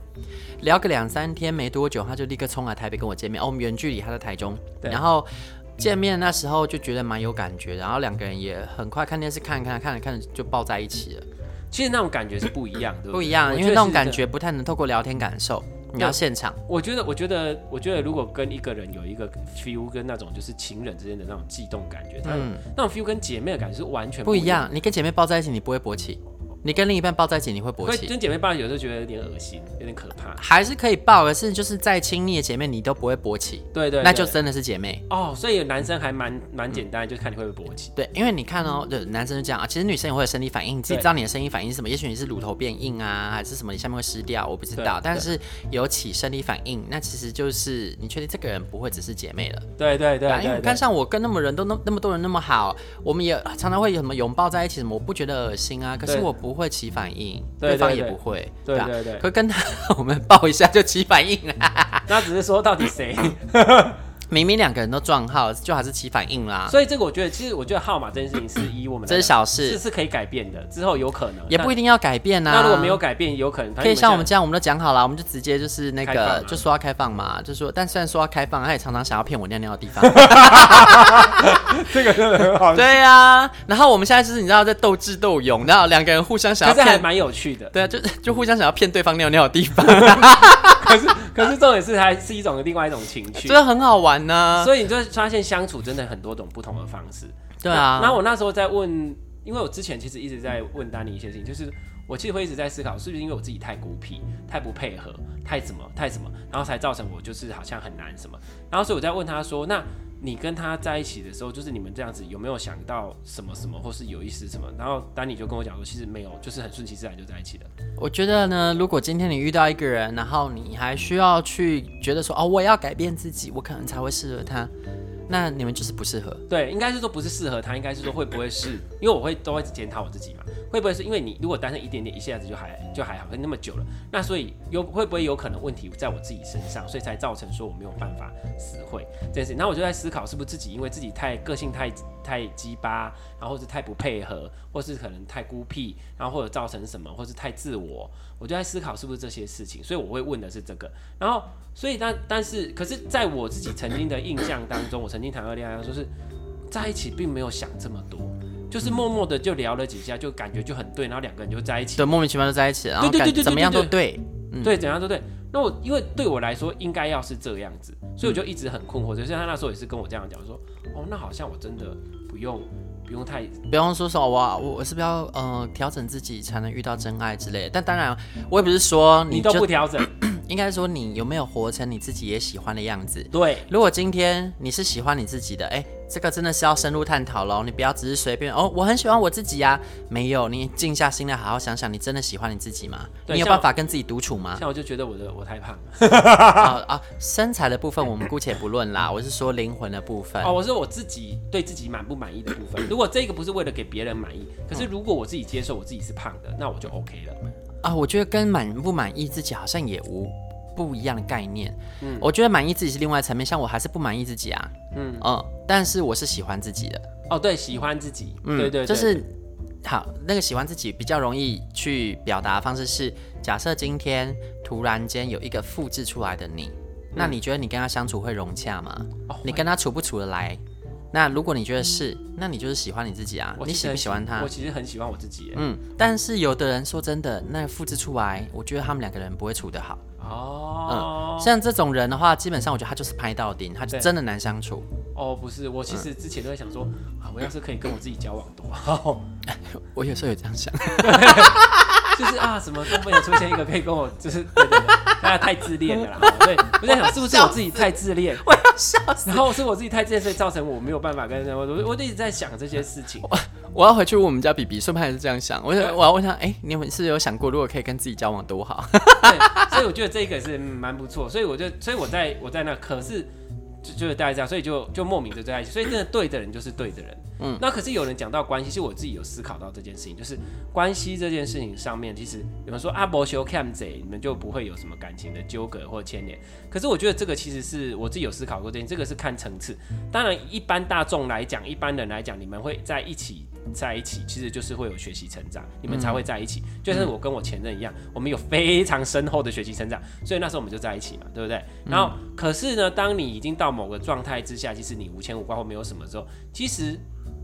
聊個兩三天沒多久，他就立刻衝來台北跟我見面。哦，我們遠距離，他在台中。對然後見面那時候就覺得蠻有感覺的，然後兩個人也很快看電視，看一看一看，看着看着就抱在一起了，嗯。其實那種感覺是不一樣的，不一樣，因為那種感覺不太能透過聊天感受。你要現場、
嗯。我覺得，我覺得，我覺得，如果跟一個人有一個 feel，跟那種就是情人之間的那種悸動感覺，他、嗯、那種 feel 跟姐妹的感覺是完全不一，不一樣。
你跟姐妹抱在一起，你不會勃起。你跟另一半抱在一起，你會勃起。跟姐妹
抱，有時候覺得有點噁心，有點可怕。還
是可以抱，可是就是再親密的姐妹，你都不會勃起。對對，那就真的是姐妹。
哦，所以有男生還蠻蠻簡單，就是看你會不會勃起。
對，因為你看哦，對，男生就這樣啊。其實女生也會有生理反應，自己知道你的生理反應是什麼？也許你是乳頭變硬啊，還是什麼？你下面會濕掉，我不知道。但是有起生理反應，那其實就是你確定這個人不會只是姐妹了。對對對。你看，上我跟那麼人都那那麼多人那麼好，我們也常常會有什麼擁抱在一起什麼，我不覺得噁心啊。可是我不。不會起反應，對，對，對，對方也不會，對對對，可跟他我們抱一下就起反應了。那只是說到底誰？ 明明兩個人都撞號，就還是起反應啦。所
以這個我覺得，其實我覺得號碼這件事情是以我們這是小事，是是可以改變的。之後有可能也不一定要改變呐。那如果沒有改變，有可能可以像我們這樣，
我們都講好了，我們就直接就是那個就說要開放嘛，就說。但雖然說要開放，他也常常想要騙我尿尿的地方。這個真的很好。對啊。然後我們現在就是你知道在鬥智鬥勇，然後兩個人互相想要，這還蠻有趣的。對啊，就就互相想要騙對方尿尿的地方。可是可是這也是還是一種另外一種情趣，真的很好玩。所以你就
發現相處真的很多種不同的方式，對啊。那，那我那時候在問，因為我之前其實一直在問丹尼一些事情，就是我其實會一直在思考，是不是因為我自己太孤僻、太不配合、太什麼、太什麼，然後才造成我就是好像很難什麼。然後所以我在問他說，那。你跟他在一起的時候，就是你們這樣子，有沒有想到什麼什麼，或是有意思什麼？然後丹尼就跟我講說，其實沒有，就是很順其自然就在一起了。
我覺得呢，如果今天你遇到一個人，然後你還需要去覺得說，哦，我也要改變自己，我可能才會適合他。那你們就是不適合？
對，應該是說不是適合他，應該是說會不會是因為我會都會一直檢討我自己嘛？會不會是因為你如果單身一點點一下子就還就還好，那麼久了，那所以有會不會有可能問題在我自己身上，所以才造成說我沒有辦法死會這件事情？那我就在思考是不是自己因為自己太個性太。太雞巴，然後是太不配合，或是可能太孤僻，然後或者造成什麼，或是太自我，我就在思考是不是這些事情，所以我會問的是這個。然後，所以但但是，可是在我自己曾經的印象當中，我曾經談過戀愛，就是在一起並沒有想這麼多，就是默默的就聊了幾下，就感覺就很對，然後兩個人就在一起，對，
莫名其妙就在一起，對對對對，怎麼樣都對。
對，怎樣都對。那我因為對我來說應該要是這樣子，所以我就一直很困惑。就、嗯、像他那時候也是跟我這樣講說：“哦，那好像我真的不用不用太
不用說什麼、啊、我我是不是要呃調整自己才能遇到真愛之類。”但當然，我也不是說你，你都不調整。 應該說，你有沒有活成你自己也喜歡的樣子？對。如果今天你是喜歡你自己的，哎、欸，這個真的是要深入探討嘍。你不要只是隨便哦，我很喜歡我自己呀、啊。沒有，你靜下心來好好想想，你真的喜歡你自己嗎？對你有辦法跟自己獨處嗎？像
我就覺得我的我太胖
了。了 啊、哦哦，身材的部分我們姑且不論啦，我是說靈魂的部分。哦，我是說
我自己對自己滿不滿意的部分。 如果這個不是為了給別人滿意，可是如果我自己接受我自己是胖的，那我就 OK 了。嗯
啊、哦，我覺得跟滿不滿意自己好像也無不一樣的概念。嗯，我覺得滿意自己是另外一層面，像我還是不滿意自己啊。嗯，哦，但是我是喜歡自己的。哦，對，喜歡自己，嗯、對，對，對對，就是好那個喜歡自己比較容易去表達的方式是：假設今天突然間有一個複製出來的你，嗯、那你覺得你跟他相處會融洽嗎？哦、你跟他處不處得來？那如果你覺得是，嗯、那你就是喜歡你自己啊！你喜不喜歡他？我其實
很喜歡我自己。嗯，
但是有的人說真的，那個、複製出來，我覺得他們兩個人不會處得好。哦，嗯，像這種人的話，基本上我覺得他就是拍到頂，他就真的難相處。
哦，不是，我其實之前都在想說，嗯、啊，我要是可以跟我自己交往多好，嗯、
我有時候有這樣想。 是
啊！什麼都沒有出現一個可以跟我，就是
對對對，大家太自戀了啦。對， 我在想是不是我自己太自戀，我笑死然後
是我自己太自戀，所以造成我沒有辦法跟人家。我我一直在想這些事情。我，
我要回去問我們家 BB，是不是還是這樣想。我想我要問他，哎、欸，你有是有想過，如果可以跟自己交往多好？
對，所以我覺得這個是蠻、嗯、不錯。所以我就，所以我在我在那，可是。就就是大家這樣，所以就就莫名的在一起，所以真的對的人就是對的人。嗯，那可是有人講到關係，其實我自己有思考到這件事情，就是關係這件事情上面，其實，比如說阿伯修 Cam Z，你們就不會有什麼感情的糾葛或牽連。可是我覺得這個其實是我自己有思考過，這件這個是看層次。當然，一般大眾來講，一般人來講，你們會在一起。在一起其實就是會有學習成長，嗯、你們才會在一起。就像是我跟我前任一樣，嗯、我們有非常深厚的學習成長，所以那時候我們就在一起嘛，對不對？嗯、然後，可是呢，當你已經到某個狀態之下，其實你無牽無掛或沒有什麼的時候，其實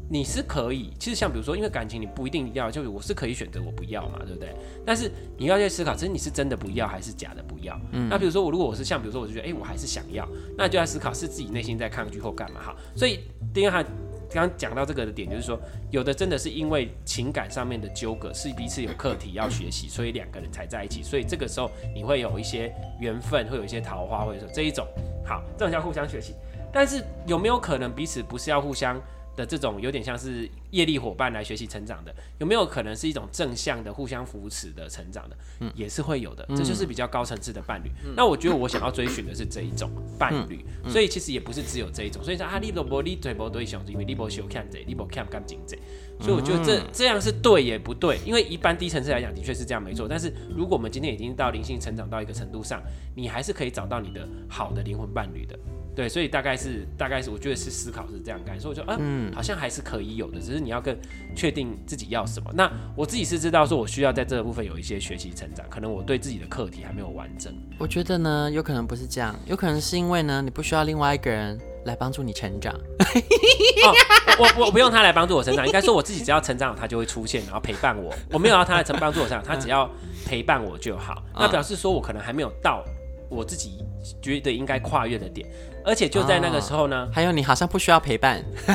你是可以。其實像比如說，因為感情你不一定要，就我是可以選擇我不要嘛，對不對？但是你要去思考，其實你是真的不要還是假的不要？嗯、那比如說我如果我是像比如說我就覺得哎、欸、我還是想要，那就要思考是自己內心在抗拒或幹嘛哈。所以丁漢。剛講到這個的點，就是說，有的真的是因為情感上面的糾葛，是彼此有課題要學習，所以兩個人才在一起。所以這個時候，你會有一些緣分，會有一些桃花，或者說這一種好，這種叫互相學習。但是有沒有可能彼此不是要互相？的這種有點像是業力夥伴來學習成長的，有沒有可能是一種正向的互相扶持的成長的？嗯，也是會有的，嗯、這就是比較高層次的伴侶。嗯、那我覺得我想要追尋的是這一種伴侶，嗯嗯、所以其實也不是只有這一種。所以說啊，立波波立對不對想做，立波想看這，立不看乾淨這。所以我覺得這這樣是對也不對，因為一般低層次來講的確是這樣沒錯，但是如果我們今天已經到靈性成長到一個程度上，你還是可以找到你的好的靈魂伴侶的，對，所以大概是大概是我覺得是思考是這樣感，所以我覺得嗯好像還是可以有的，只是你要更確定自己要什麼。那我自己是知道說我需要在這個部分有一些學習成長，可能我對自己的課題還沒有完整。
我覺得呢，有可能不是這樣，有可能是因為呢，你不需要另外一個人。來幫助你成長，
哦、我我不用他來幫助我成長，應該說我自己只要成長，他就會出現，然後陪伴我。我沒有要他來成幫助我成長，他只要陪伴我就好。啊、那表示說，我可能還沒有到我自己覺得應該跨越的點，而且就在那個時候
呢，啊、還有你好像不需要陪伴，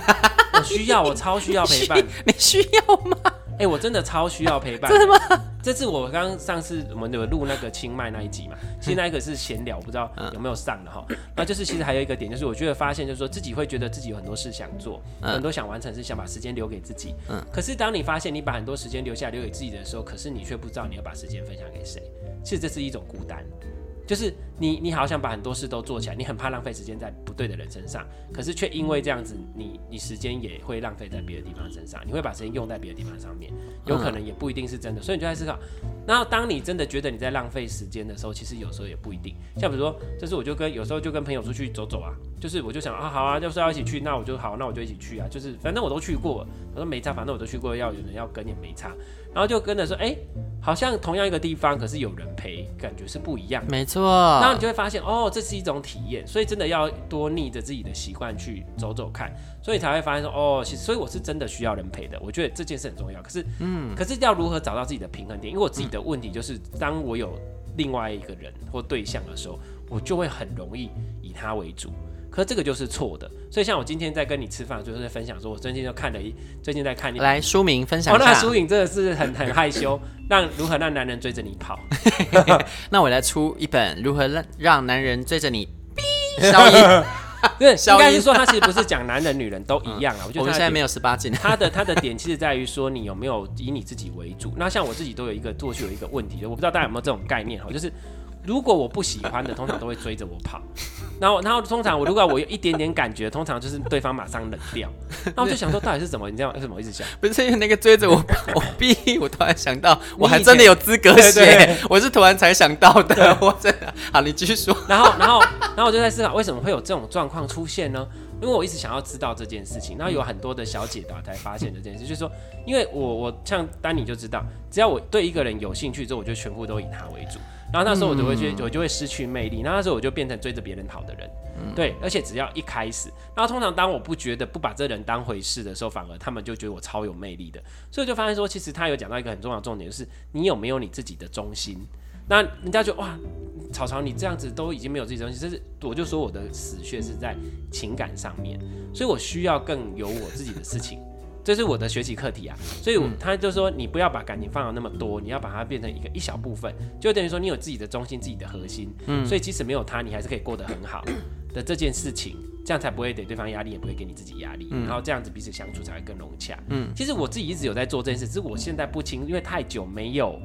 我需要，我超需要陪伴要，你需要嗎？哎、欸，我真的超需要陪伴， 真的嗎？欸、這次我剛剛上次我們有錄那個清麥那一集嘛，其實那一個是閒聊，不知道有沒有上的哈。那就是其實還有一個點，就是我就會發現，就是說自己會覺得自己有很多事想做，很多想完成，是想把時間留給自己。可是當你發現你把很多時間留下留給自己的時候，可是你卻不知道你要把時間分享給誰，其實這是一種孤單。就是你，你好想把很多事都做起來，你很怕浪費時間在不對的人身上，可是卻因為這樣子你，你你時間也會浪費在別的地方身上，你會把時間用在別的地方上面，有可能也不一定是真的，所以你就在思考。嗯、然後當你真的覺得你在浪費時間的時候，其實有時候也不一定。像比如說，這次我就跟有時候就跟朋友出去走走啊，就是我就想啊，好啊，就是要一起去，那我就好，那我就一起去啊，就是反正我都去過，我說沒差，反正我都去過，都去過，要有人要跟也沒差。然後就跟着說，哎、欸，好像同樣一個地方，可是有人陪，感覺是不一樣的。沒錯，然後你就會發現，哦，這是一種體驗，所以真的要多逆着自己的習慣去走走看，所以才會發現說，哦，其實所以我是真的需要人陪的。我覺得這件事很重要，可是，嗯，可是要如何找到自己的平衡點？因為我自己的問題就是，當我有另外一個人或對象的時候，嗯、我就會很容易以他為主。可這個就是錯的，所以像我今天在跟你吃飯，就是在分享，說我最近就看了一，最近在看一本，來書名分享。哦，那書影真的是很很害羞，讓如何讓男人追着你跑？
那我來出一本如何讓讓男人追着你？小影對是小姨說他其實不是講男人女人都一樣啊，我覺得我們現在沒有十八禁。他的他的點其實在於說你有沒
有以你自己為主。那像我自己都有一個過去有一個問題，我不知道大家有沒有這種概念哦，就是。如果我不喜歡的，通常都會追着我跑。然後，然後通常我如果我有一點點感覺， 通常就是對方馬上冷掉。那我就想說，到底是怎麼？你知道為什麼我一直想？不是因為那個追着我跑？我逼 我突然想到，我還真的有資格寫。對對對，我是突然才想到的，對我真的。好，你繼續說。然後，然後，然後我就在思考，為什麼會有這種狀況出現呢？因為我一直想要知道這件事情。然後有很多的小解答才發現這件事， 就是說，因為我我像丹尼就知道，只要我對一個人有興趣之後，就我就全部都以他為主。然後那時候我就會覺得，我就會失去魅力。那、嗯、那時候我就變成追着別人跑的人，嗯、對。而且只要一開始，然後通常當我不覺得不把這人當回事的時候，反而他們就覺得我超有魅力的。所以我就發現說，其實他有講到一個很重要的重點，就是你有沒有你自己的中心。那人家就哇，朝朝，你這樣子都已經沒有自己的中心，這是我就說我的死穴是在情感上面，所以我需要更有我自己的事情。 這是我的學習課題啊，所以我，我他、嗯、就說，你不要把感情放得那麼多，你要把它變成一個一小部分，就等於說你有自己的中心，自己的核心。嗯，所以即使沒有他，你還是可以過得很好的這件事情，這樣才不會給對方壓力，也不會給你自己壓力，嗯、然後這樣子彼此相處才會更融洽。嗯，其實我自己一直有在做這件事，只是我現在不清，因為太久沒有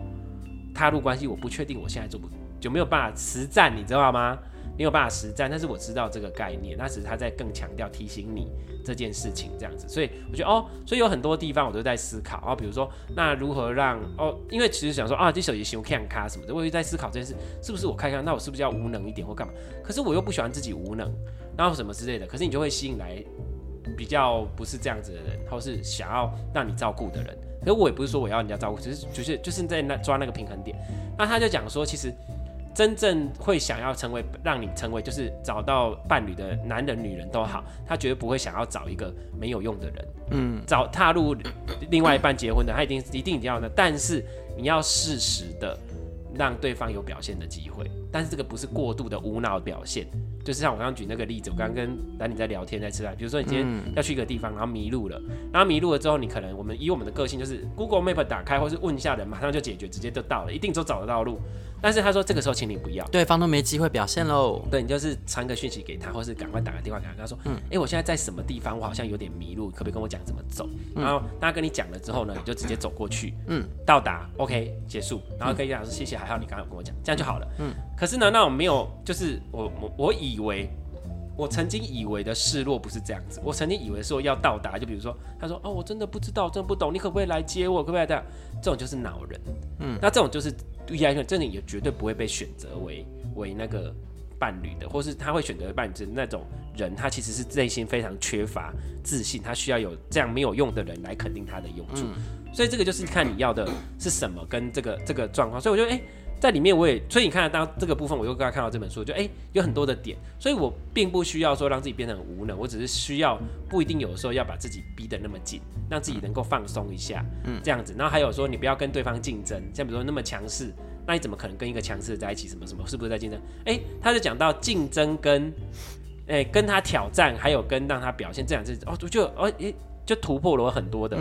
踏入關係，我不確定我現在做不就沒有辦法實戰，你知道嗎？沒有辦法實戰，但是我知道這個概念。那只是他在更強調提醒你這件事情，這樣子。所以我覺得哦，所以有很多地方我都在思考啊、哦，比如說那如何讓哦，因為其實想說啊，這手機使用卡什麼的，我一直在思考這件事是不是我開看，那我是不是要無能一點或幹嘛？可是我又不喜歡自己無能，然後什麼之類的。可是你就會吸引來比較不是這樣子的人，或是想要讓你照顧的人。可是我也不是說我要人家照顧，只是就是、就是、就是在那抓那個平衡點。那他就講說，其實。真正會想要成為讓你成為就是找到伴侶的男人女人都好，他絕對不會想要找一個沒有用的人。嗯，找踏入另外一半結婚的，他一定一定一定要的。但是你要適時的讓對方有表現的機會，但是這個不是過度的無腦表現。就是像我剛剛舉那個例子，我剛剛跟丹尼在聊天在吃飯，比如說你今天要去一個地方，然後迷路了，然後迷路了之後，你可能我們以我們的個性就是 Google Map 打開或是問一下人，馬上就解決，直接就到了，一定就找得到路。但是他說這個時候請你不要對，對方都沒機會表現嘍。對你就是傳個訊息給他，或是趕快打個電話給他。跟他說，嗯，哎、欸，我現在在什麼地方？我好像有點迷路，可不可以跟我講怎麼走？嗯、然後他跟你講了之後呢，你就直接走過去，嗯，到達，OK，結束。然後跟你講說、嗯、謝謝，還好你剛剛有跟我講，這樣就好了。嗯。可是呢，那我沒有？就是我我我以為我曾經以為的示弱不是這樣子。我曾經以為說要到達，就比如說他說，哦，我真的不知道，真的不懂，你可不可以來接我？我可不可以來這樣？這種就是惱人。嗯。那這種就是。對呀，就這裡也絕對不會被選擇為為那個伴侶的，或是他會選擇伴侶就是那種人，他其實是內心非常缺乏自信，他需要有這樣沒有用的人來肯定他的用處，所以這個就是看你要的是什麼跟這個這個狀況，所以我覺得誒。欸在裡面我也，所以你看到這個部分，我又剛剛看到這本書，就哎、欸、有很多的點，所以我並不需要說讓自己變得很無能，我只是需要不一定有的時候要把自己逼得那麼緊，讓自己能夠放鬆一下，嗯，這樣子。然後還有說你不要跟對方競爭，像比如說那麼強勢，那你怎麼可能跟一個強勢在一起？什麼什麼是不是在競爭？哎，他就講到競爭跟哎、欸、跟他挑戰，還有跟
讓他表現這樣子哦，就哦、喔、哎、欸、就突破了很多的，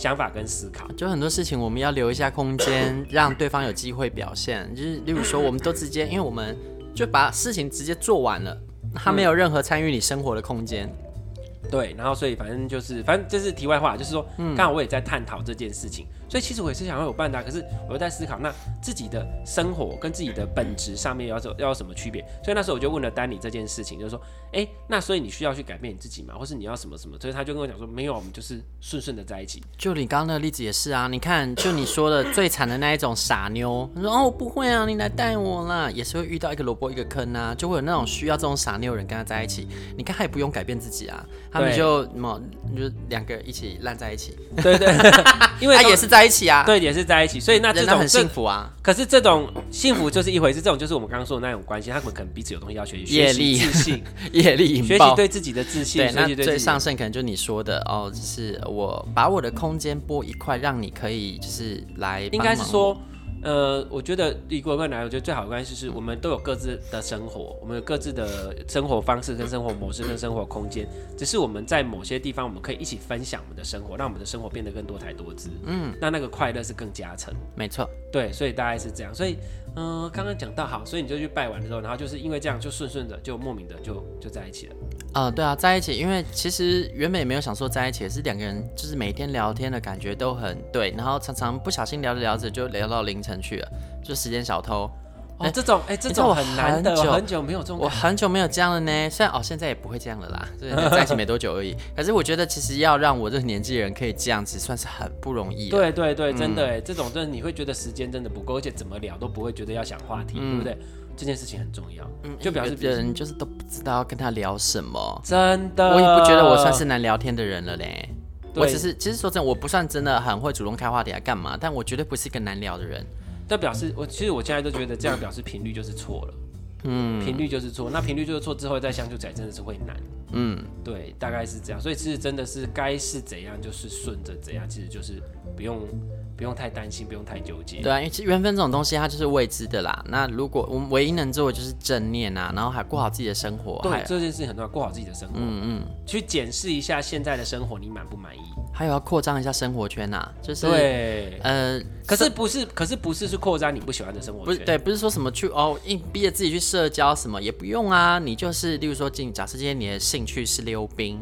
想法跟思考，就很多事情我們要留一下空間， 讓對方有機會表現。就是例如說，我們都直接，因為我們就把事情直接做完了，他沒有任何參與你生活的空間、嗯。對，然後所以反正就是，反正這是題外話，就是說，剛好、嗯、我也在探討這件事情。
所以其實我也是想要有伴法、啊、可是，我又在思考，那自己的生活跟自己的本質上面要做要有什麼區別？所以那時候我就問了丹尼這件事情，就是說，哎、欸，那所以你需要去改變你自己嗎？或是你要什麼什麼？所以他就跟我講說，沒有，我們就是順順的在一起。
就你剛剛的例子也是啊，你看，就你說的最慘的那一種傻妞，你說哦不會啊，你來帶我啦，也是會遇到一個蘿蔔一個坑啊，就會有那種需要這種傻妞人跟他在一起。嗯、你看他也不用改變自己啊，他們就麼對就兩個一起爛在一起。對，對對，因為 他也是在。在一起啊，對，也是在一起，所以那這種很幸福啊。可是這種幸福就是一回事，這種就是我們剛剛說的那種關係，他們可能彼此有東西要學習，業力，自信， 業力，學習對自己的自信。對，學習對那最上聖可能就是你說的哦，就是我把我的空間撥一塊，讓你可以就是來幫忙應該是說。
呃，我覺得以過來人，我覺得最好的關係是我們都有各自的生活，我們有各自的生活方式、跟生活模式、跟生活空間。只是我們在某些地方，我們可以一起分享我們的生活，讓我們的生活變得更多彩多姿。嗯，那那個快樂是更加成，沒錯。對，所以大概是這樣。所以，嗯、呃，剛剛講到好，所以你就去拜完的時候，然後就是因為這樣，就順順的，就莫名的就就在一起了。
啊、呃，對啊，在一起，因為其實原本也沒有想說在一起，是兩個人就是每天聊天的感覺都很對，然後常常不小心聊着聊着就聊到凌晨去了，就時間小偷。
哎、哦、這種，哎，誒這種很難的，很久，很久
沒有這種，我很久沒有這樣了呢。雖然哦，現在也不會這樣了啦，所以在一起沒多久而已。 可是我覺得其實要讓我這個年紀的人可以這樣子，算是很不容易了。對對對，真的，哎、嗯，
這種真的你會覺得時間真的不夠，而且怎麼聊都不會覺得要想話題，嗯、對不對？
這件事情很重要，嗯，就表示別人，就是都不知道跟他聊什麼，真的。我也不覺得我算是難聊天的人了嘞，對我只是其實說真的，我不算真的很會主動開話題來幹嘛，但我絕對不是一個難聊的人。
但表示我其實我現在都覺得這樣表示頻率就是錯了，嗯，頻率就是錯。那頻率就是錯之後再相處起來真的是會難，嗯，對，大概是這樣。所以其實真的是該是怎樣就是順着怎樣，其實就是不用。不用太擔心，不用太糾結。對啊，因為其
實緣分這種東西，它就是未知的啦。那如果我們唯一能做的就是正念啊，然後還過好自己的生活。對，有這件事
情很重要，過好自己的生活。嗯嗯。嗯，去檢視一下現在的生活，你滿不滿意？
還有要擴張一下生活圈啊，就是對嗯、呃，可是，是不是，可是不是去擴張你不喜歡的生活圈？對，不是說什麼去哦硬逼着自己去社交什麼也不用啊，你就是例如說，假設今天你的興趣是溜冰，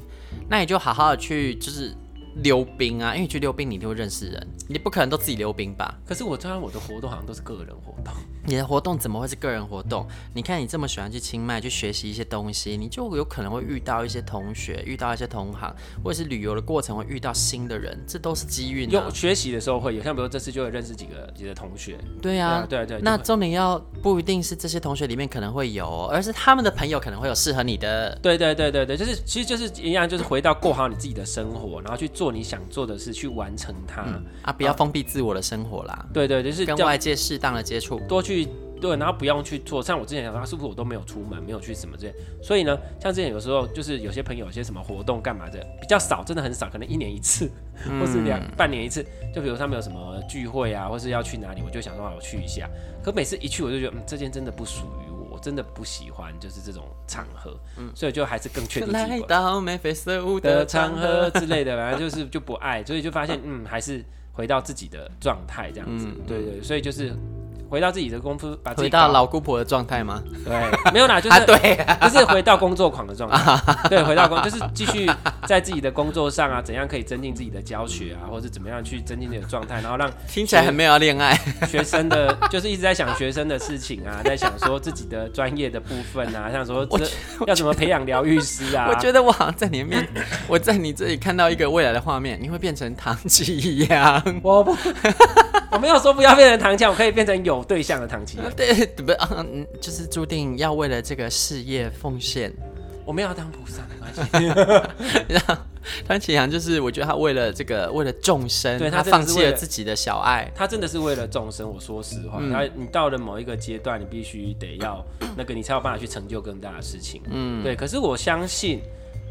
那你就好好的去就是。溜冰啊，因為你去溜冰，你就會認識人，你不可能都自己溜冰吧？可是我雖然我的活動好像都是個人活動，你的活動怎麼會是個人活動？嗯、你看你這麼喜歡去清邁去學習一些東西，你就有可能會遇到一些同學，遇到一些同行，或者是旅遊的過程會遇到新的人，這都是機遇、啊。有學習的時候會有，像比如說這次就會認識幾個幾個同學。對啊，對啊對、啊。那重點要不一定是這些同學裡面可能會有，而是他們的朋友可能會有適合你的。對對對對對，就是其實就是一樣，就是回到過好你自己的生活，然後去做。你想做的事去完成它，嗯、啊，不要封閉自我的生活啦。啊、
對，對對，就是跟外界適當的接觸，多去對，然後不用去做。像我之前講，我是不是我都沒有出門，沒有去什麼這些？所以呢，像之前有時候就是有些朋友有些什麼活動幹嘛，的比較少，真的很少，可能一年一次，嗯、或是兩半年一次。就比如他們有什麼聚會啊，或是要去哪裡，我就想說，啊，我去一下。可每次一去，我就覺得嗯，這件真的不屬於。真的不喜歡，就是這種場合，嗯、所以就還是更確定來
到的場合之類的，反
正 就是就不愛，所以就發現，嗯，還是回到自己
的狀態這樣子，嗯、對，對對，所
以就是。回到自己的功夫，把自己回到老
姑婆的狀態嗎？對，沒有啦，就是、啊、對，就是回到工作狂的狀態。 對，回到工就是繼
續在自己的工作上啊，怎樣可以增進自己的教學啊，或者是怎麼樣去增進你的狀態，然後讓聽起來很沒有戀愛。學生的就是一直在想學生的事情啊，在想說自
己的專業的部分啊，像說這要怎麼培養療癒師啊？我覺得我好像在你面， 我在你這裡看到一個未來的畫面，你會變成唐吉一樣。我不，我沒有說不要變成唐吉，我可以變成永。哦、對象的唐綺陽、啊，對，不，嗯、啊，就是注定要為了這個事業奉獻。我們要當菩薩沒關係。 你知道唐綺陽就是，我覺得他為了這個，為了眾生，對他，他放棄了自己的小愛。
他真的是為了眾生。我說實話，嗯、你到了某一個階段，你必須得要那個，你才有辦法去成就更大的事情。嗯，對。可是我相信，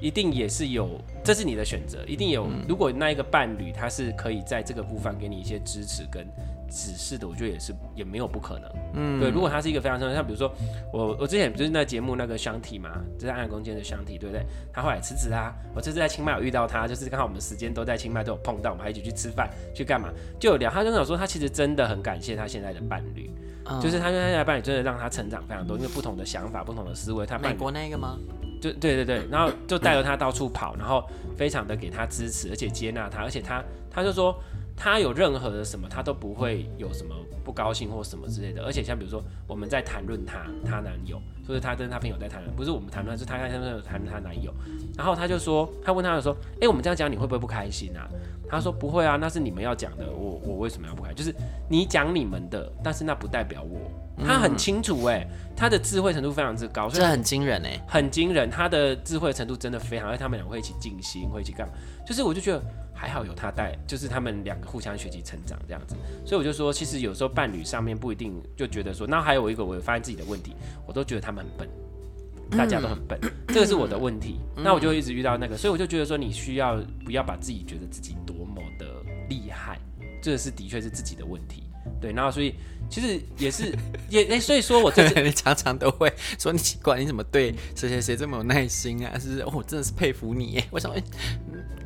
一定也是有，這是你的選擇，一定有。嗯、如果那一個伴侶，他是可以在這個部分給你一些支持跟。指示的，我覺得也是，也沒有不可能。嗯，對，如果他是一個非常像，像比如說我我之前不是那節目那個箱體嘛，就是暗空間的箱體，對不對？他後來辭職啊，我這次在清邁有遇到他，就是剛好我們的時間都在清邁，都有碰到，我們還一起去吃飯去幹嘛，就有聊。他就想說，他其實真的很感謝他現在的伴侶，嗯、就是他跟他現在伴侶真的讓他成長非常多，因為不同的想法、不同的思維。他美國那個嗎？就對對對，然後就帶着他到處跑，然後非常的給他支持， 而且接納他，而且他他就說。她有任何的什麼，她都不會有什麼不高興或什麼之類的。而且像比如說，我們在談論她，她男友，就是她跟她朋友在談論，不是我們談論，就是她跟她朋友談論她男友。然後她就說，她問她男友說：“誒、欸，我們這樣講你會不會不開心啊？”她說：“不會啊，那是你們要講的，我我為什麼要不開心？就是你講你們的，但是那不代表我。”他很清楚，哎、欸，他的智慧程度非常之高，所以這很驚人哎，很驚人，他的智慧程度真的非常。因為他們兩個會一起靜心，會一起幹，就是我就覺得還好有他帶，就是他們兩個互相學習成長這樣子。所以我就說，其實有時候伴侶上面不一定就覺得說，那還有一個我有發現自己的問題，我都覺得他們很笨，大家都很笨，這個是我的問題。嗯、那我就一直遇到那個，所以我就覺得說，你需要不要把自己覺得自己多麼的厲害，這是
的確是自己的問題。對，然後所以其實也是也、欸、所以說我之前 常常都會說你奇怪，你怎麼對誰誰誰這麼有耐心啊？是哦，真的是佩服你耶。我想說、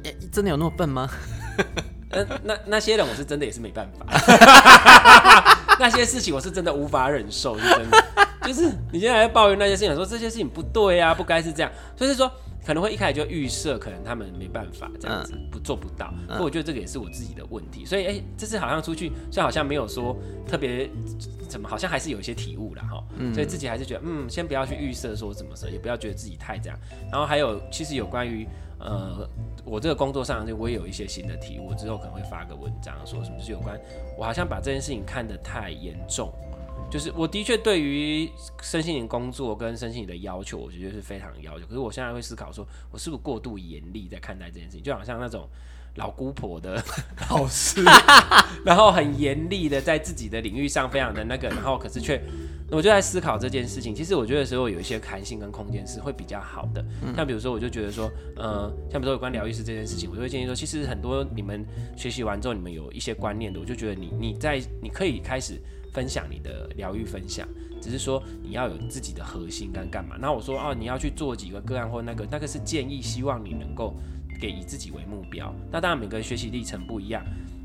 欸欸？真的有那麼笨嗎？ 那
那，那些人我是真的也是沒辦法， 那些事情我是真的無法忍受，是真的。就是你現在還在抱怨那些事情，說這些事情不對啊，不該是這樣。所以是說。可能會一開始就預設，可能他們沒辦法這樣子，不做不到。那、啊、我覺得這個也是我自己的問題。啊、所以哎、欸，這次好像出去，就好像沒有說特別怎麼，好像還是有一些體悟了哈。嗯、所以自己還是覺得，嗯，先不要去預設說怎麼說也不要覺得自己太這樣。然後還有，其實有關於呃，我這個工作上，就我也有一些新的體悟，之後可能會發個文章說什麼，就是有關我好像把這件事情看得太嚴重。就是我的確對於身心靈工作跟身心靈的要求，我覺得是非常要求。可是我現在會思考說，我是不是過度嚴厲在看待這件事情？就好像那種老姑婆的 老師，然後很嚴厲的在自己的領域上非常的那個，然後可是卻，我就在思考這件事情，其實我覺得時候有一些彈性跟空間是會比較好的，像比如說，我就覺得說，呃，像比如說有關療癒師這件事情，我就會建議說，其實很多你們學習完之後，你們有一些觀念的，我就覺得你你在你可以開始分享你的療癒分享，只是說你要有自己的核心跟幹嘛。那我說，哦，你要去做幾個個案或那個那個是建議，希望你能夠給以自己為目標。那當然每個人學習歷程不一樣。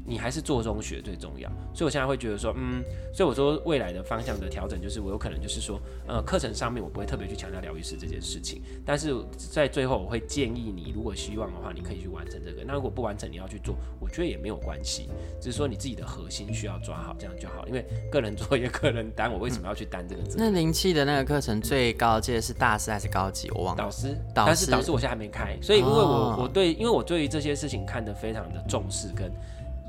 你還是做中學最重要，所以我現在會覺得說，嗯，所以我說未來的方向的調整就是，我有可能就是說，呃，課程上面我不會特別去強調療癒師這件事情，但是在最後我會建議你，如果希望的話，你可以去完成這個。那如果不完成，你要去做，我覺得也沒有關係，只是說你自己的核心需要抓好，這樣就好。因為個人做也個人擔，我為什麼要去擔這個責任、嗯？那靈氣的
那個課程最高階是大師還是高級？我忘了。導師。導師。但是導師我現在還沒開，所以因為我、哦、我
對因為我對於這些事情看得非常的重視跟。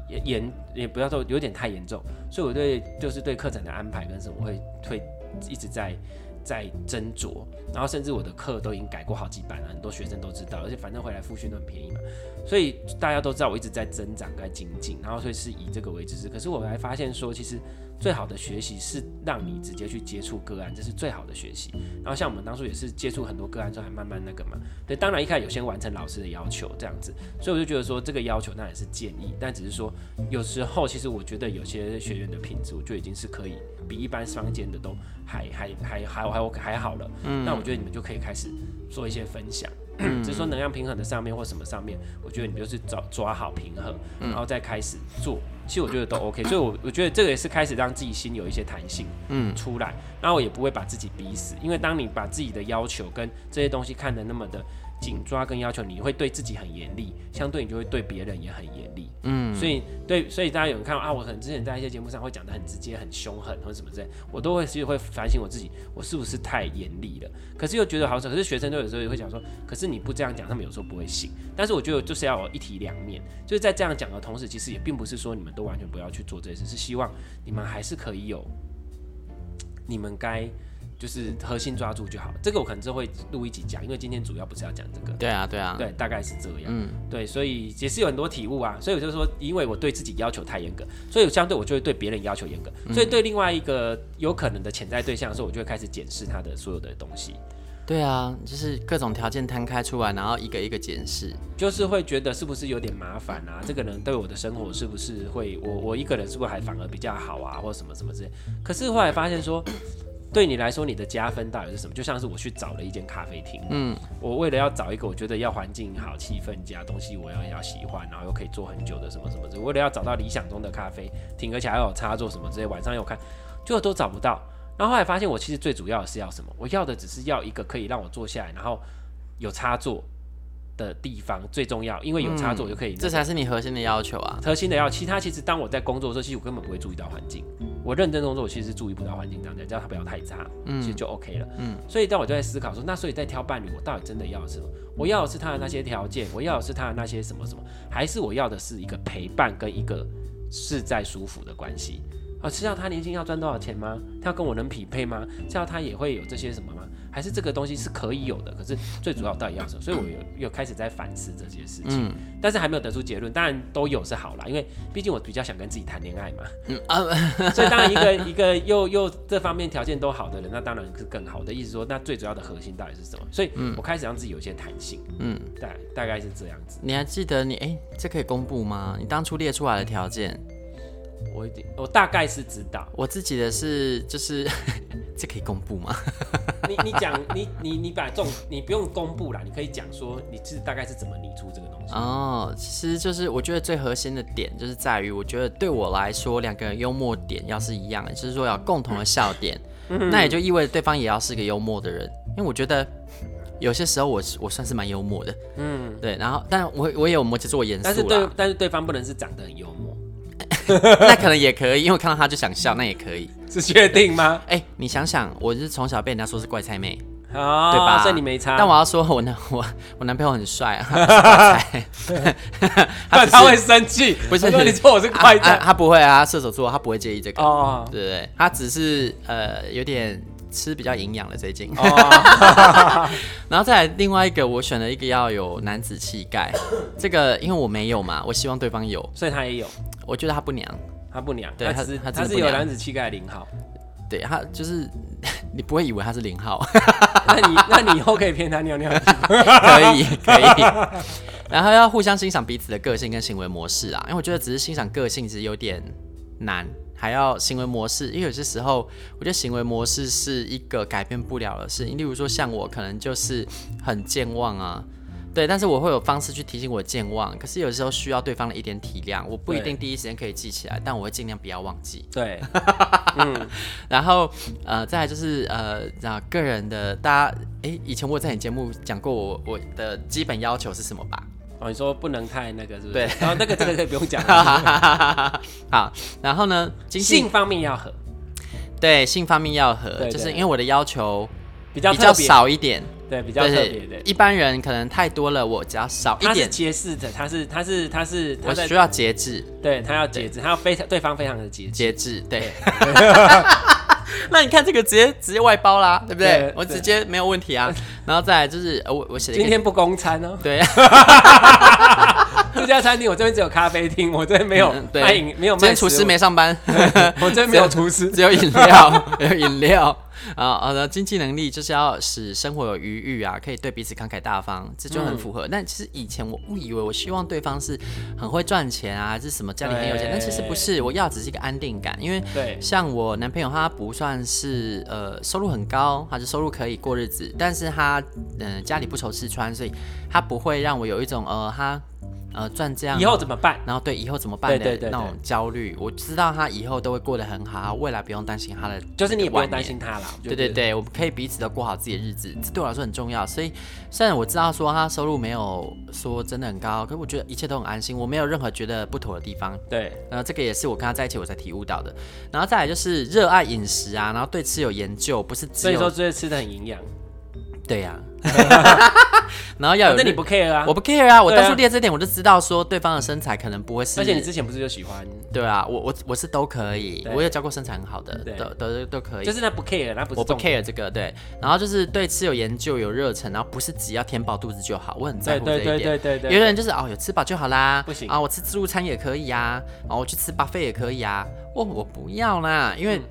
嚴也，也不要說有點太嚴重，所以我對就是對課程的安排跟什麼我會會一直在在斟酌，然後甚至我的課都已經改過好幾版了，很多學生都知道，而且反正回來複訓都很便宜嘛，所以大家都知道我一直在增長、在精進，然後所以是以這個為知識，可是我還發現說其實。最好的學習是讓你直接去接觸個案，這是最好的學習。然後像我們當初也是接觸很多個案之後，還慢慢那個嘛。對，當然一開始有先完成老師的要求這樣子，所以我就覺得說這個要求那也是建議，但只是說有時候其實我覺得有些學員的品質，我就已經是可以比一般雙肩的都還還還還還有還好了。嗯、那我覺得你們就可以開始做一些分享，就、嗯、說能量平衡的上面或什麼上面，我覺得你就是找抓，抓好平衡，然後再開始做。其實我覺得都 OK，所以，我我覺得這個也是開始讓自己心有一些彈性，嗯，出來，然後我也不會把自己逼死，因為當你把自己的要求跟這些東西看得那麼的緊抓跟要求，你會對自己很嚴厲，相對你就會對別人也很嚴厲。嗯，所以對，所以大家有人看到啊，我可能之前在一些節目上會講的很直接、很兇狠，或什麼之類，我都會去會反省我自己，我是不是太嚴厲了？可是又覺得好醜。可是學生都有時候也會講說，可是你不這樣講，他們有時候不會信。但是我覺得就是要有一體兩面，就是在這樣講的同時，其實也並不是說你們都完全不要去做這件事，是希望你們還是可以有你們該。就是核心抓住就好了，這個我可能就會錄一集講，因為今天主要不是要講這個。對啊，對啊，對啊，對，大概是這樣。嗯，對，所以也是有很多體悟啊。所以我就說，因為我對自己要求太嚴格，所以相對我就會對別人要求嚴格。嗯，所以對另外一個有可能的潛在對象的時候，我就會開始檢視
他的所有的東西。對啊，就是各種條件攤開出來，然後一個一個檢視，
就是會覺得是不是有點麻煩啊？這個人對我的生活是不是會我我一個人是不是還反而比較好啊，或者什麼什麼之類？可是後來發現說。 對你來說，你的加分大概是什麼？就像是我去找了一間咖啡廳，嗯，我為了要找一個我覺得要環境好、氣氛佳、東西我要要喜歡，然後又可以坐很久的什麼什麼的，我為了要找到理想中的咖啡廳，而且要有插座什麼之類。晚上又看，就我都找不到。然後後來發現，我其實最主要的是要什麼？我要的只是要一個可以讓我坐下來，然後有插座。的地方最重要，因為有插座就可以、嗯，這才是你核心的要求啊。核心的要，其他其實當我在工作的時候，其實我根本不會注意到環境。嗯、我認真工作，我其實注意不到環境怎麼樣，只要它不要太差，嗯、其實就 OK 了，嗯。所以當我就在思考說，那所以在挑伴侶，我到底真的要什麼？我要的是他的那些條件，我要的是他的那些什麼什麼，還是我要的是一個陪伴跟一個是在舒服的關係？啊，是要他年薪要賺多少錢嗎？他要跟我能匹配嗎？知道他也會有這些什麼嗎？還是這個東西是可以有的，可是最主要到底要什麼？嗯、所以我有有開始在反思這些事情，嗯、但是還沒有得出結論。當然都有是好啦，因為畢竟我比較想跟自己談戀愛嘛。嗯，啊、所以當然一個 一個又又這方面條件都好的人，那當然是更好的。意思說，那最主要的核心到底是什麼？所以我開始讓自己有些彈性。嗯，對，大概是這樣子、
嗯。你還記得你哎、欸，這可以公布嗎？你當初列出來的條件，我一點我大概是知道，我自己的是就是。 這可以公布嗎？ 你你講
你你你把這種你不用公布了，你可以講說你是大概是怎麼擬出這個東西。哦，
其實就是我覺得最核心的點就是在於，我覺得對我來說，兩個人幽默點要是一樣的，就是說要共同的笑點，嗯嗯、那也就意味着對方也要是一個幽默的人。嗯、因為我覺得有些時候我我算是蠻幽默的，嗯，對。然後，但我我也有摩羯座嚴肅，但是對，
但是對方不能是長得很幽默。
那可能也可以，因為我看到他就想笑，那也可以是確定嗎？哎、欸，你想想，我是從小被人家說是怪才妹，oh, 對吧？所以你沒差。但我要說我，我男我我男朋友很帥啊， 菜 他，是他會生氣，不是說你說我是怪才，啊啊？他不會啊，射手座他不會介意這個，對、oh. 對？他只是呃有點。吃比較營養的最近， 然後再來另外一個，我選了一個要有男子氣概，這個因為我沒有嘛，我希望對方有，所以他也有。我覺得他不娘，
他不娘，對他只是，他他是有男子氣概的零號。
對他就是你不會以為他是零號， 那你那你以後可以騙他尿尿， 可以可以。然後要互相欣賞彼此的個性跟行為模式啊，因為我覺得只是欣賞個性其實有點難。還要行為模式，因為有些時候，我覺得行為模式是一個改變不了的事。例如說，像我可能就是很健忘啊，對，但是我會有方式去提醒我健忘。可是有時候需要對方的一點體諒，我不一定第一時間可以記起來，對但我會盡量不要忘記。對， 嗯、然後呃，再來就是呃啊，然個人的大家，哎，以前我在你節目講過我我的基本要求是什麼吧？哦，你說不能太那個，是不是？對，然後、哦、那個這個可以不用講。 好，然後呢？性方面要合，對，性方面要合，對對對，就是因為我的要求比較比較少一點，對，比較特別。一般人可能太多了，我只要少一點。他是
節制的，他是他是他是，他是，他是，他我需要節制，對，他要節制，對他要非常對方
非常的節節制，對。 那你看這個直接直接外包啦，對不對？對，對，我直接沒有問題啊。然後再來就是，我我寫一今天不供餐哦、啊。對， 這家餐廳我這邊只有咖啡廳，我這邊沒有。嗯、對，沒有賣。今天廚師沒上班，我這邊沒有廚師，只有，只有飲料， 有飲料。啊，好的經濟能力就是要使生活有餘裕啊，可以對彼此慷慨大方，這就很符合。嗯、但其實以前我誤以為我希望對方是很會賺錢啊，還是什麼家裡很有錢，哎、但其實不是，我要只是一個安定感。因為像我男朋友他不算是呃收入很高，他就收入可以過日子，但是他嗯、呃、家裡不愁吃穿，所以他不會讓我有一種呃他。呃，賺這樣以後怎麼辦？然後對以後怎麼辦的那種焦慮，對對對對，我知道他以後都會過得很好，未來不用擔心他的，就是你也不用擔心他了。就對對對，我們可以彼此都過好自己的日子，嗯、這對我來說很重要。所以雖然我知道說他收入沒有說真的很高，可是我覺得一切都很安心，我沒有任何覺得不妥的地方。對，呃，這個也是我跟他在一起我才體悟到的。然後再來就是熱愛飲食啊，然後對吃有研究，不是只有，所以說最近吃的很營養。對呀、啊， 然後要有，那你不 care 啊？我不 care 啊！啊我當初列這點，我就知道說對方的身材可能不會是。而且你之前不是就喜歡？對啊，我我我是都可以，對我有教過身材很好的，對都都都可以。就是那不 care，那不是我不 care 這個對，然後就是對吃有研究、有熱忱，然後不是只要填飽肚子就好，我很在乎這一點。對對對對，對，對，對，對，對，有的人就是哦，有吃飽就好啦，不行啊，我吃自助餐也可以啊，啊，我去吃 buffet 也可以啊，我我不要啦，因為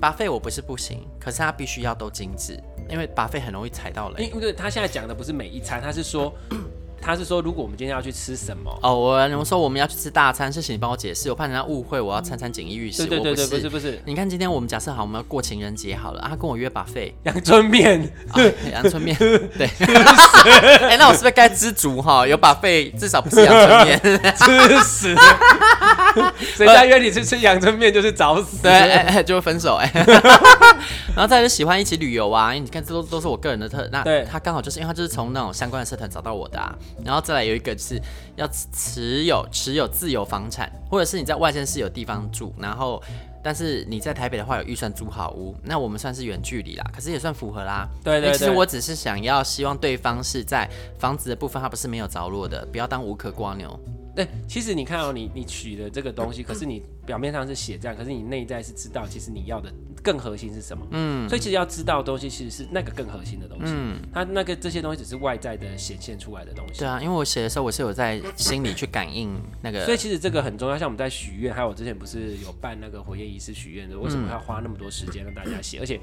buffet 我不是不行，可是他必須要都精緻。因為 Buffet 很容易踩到雷，因為、欸、他現在講的不是每一餐，他是說。 他是說，如
果我們今天要去吃什麼？
哦，我，我說我們要去吃大餐，是請你幫我解釋，我怕人家誤會我要餐餐錦衣玉食。對對對，不是不是。你看，今天我們假設好，我們要過情人節好了啊，跟我約 buffet，陽春麵，陽春麵，對。哎，那我是不是該知足哈？有 buffet，至少不是陽春麵，吃死。誰家約你去吃陽春麵就是找死，對，就分手哎。然後，大家喜歡一起旅遊啊，你看，這都都是我個人的特。那他剛好就是因為他就是從那種相關的社團找到我的啊。然後再來有一個就是要持有、持有自有房產，或者是你在外縣市有地方住，然後，但是你在台北的話有預算租好屋，那我們算是遠距離啦，可是也算符合啦。對，對對，其實我只是想要希望對方是在房子的部分，他不是沒有着落的，不要當無殼蝸牛。
對、欸，其實你看到、喔、你你取的這個東西，可是你表面上是寫這樣，可是你內在是知道，其實你要的更核心是什麼？嗯，所以其實要知道的東西，其實是那個更核心的東西。嗯，它那個這些東西只是外在的顯現出來的東西。
嗯、對啊，因為我寫的時候，我是有在心裡去感應那個。所以其
實這個很重要，像我們在許願，還有我之前不是有辦那個火焰儀式許願的，為什麼要花那麼多時間讓大家寫，嗯、而且。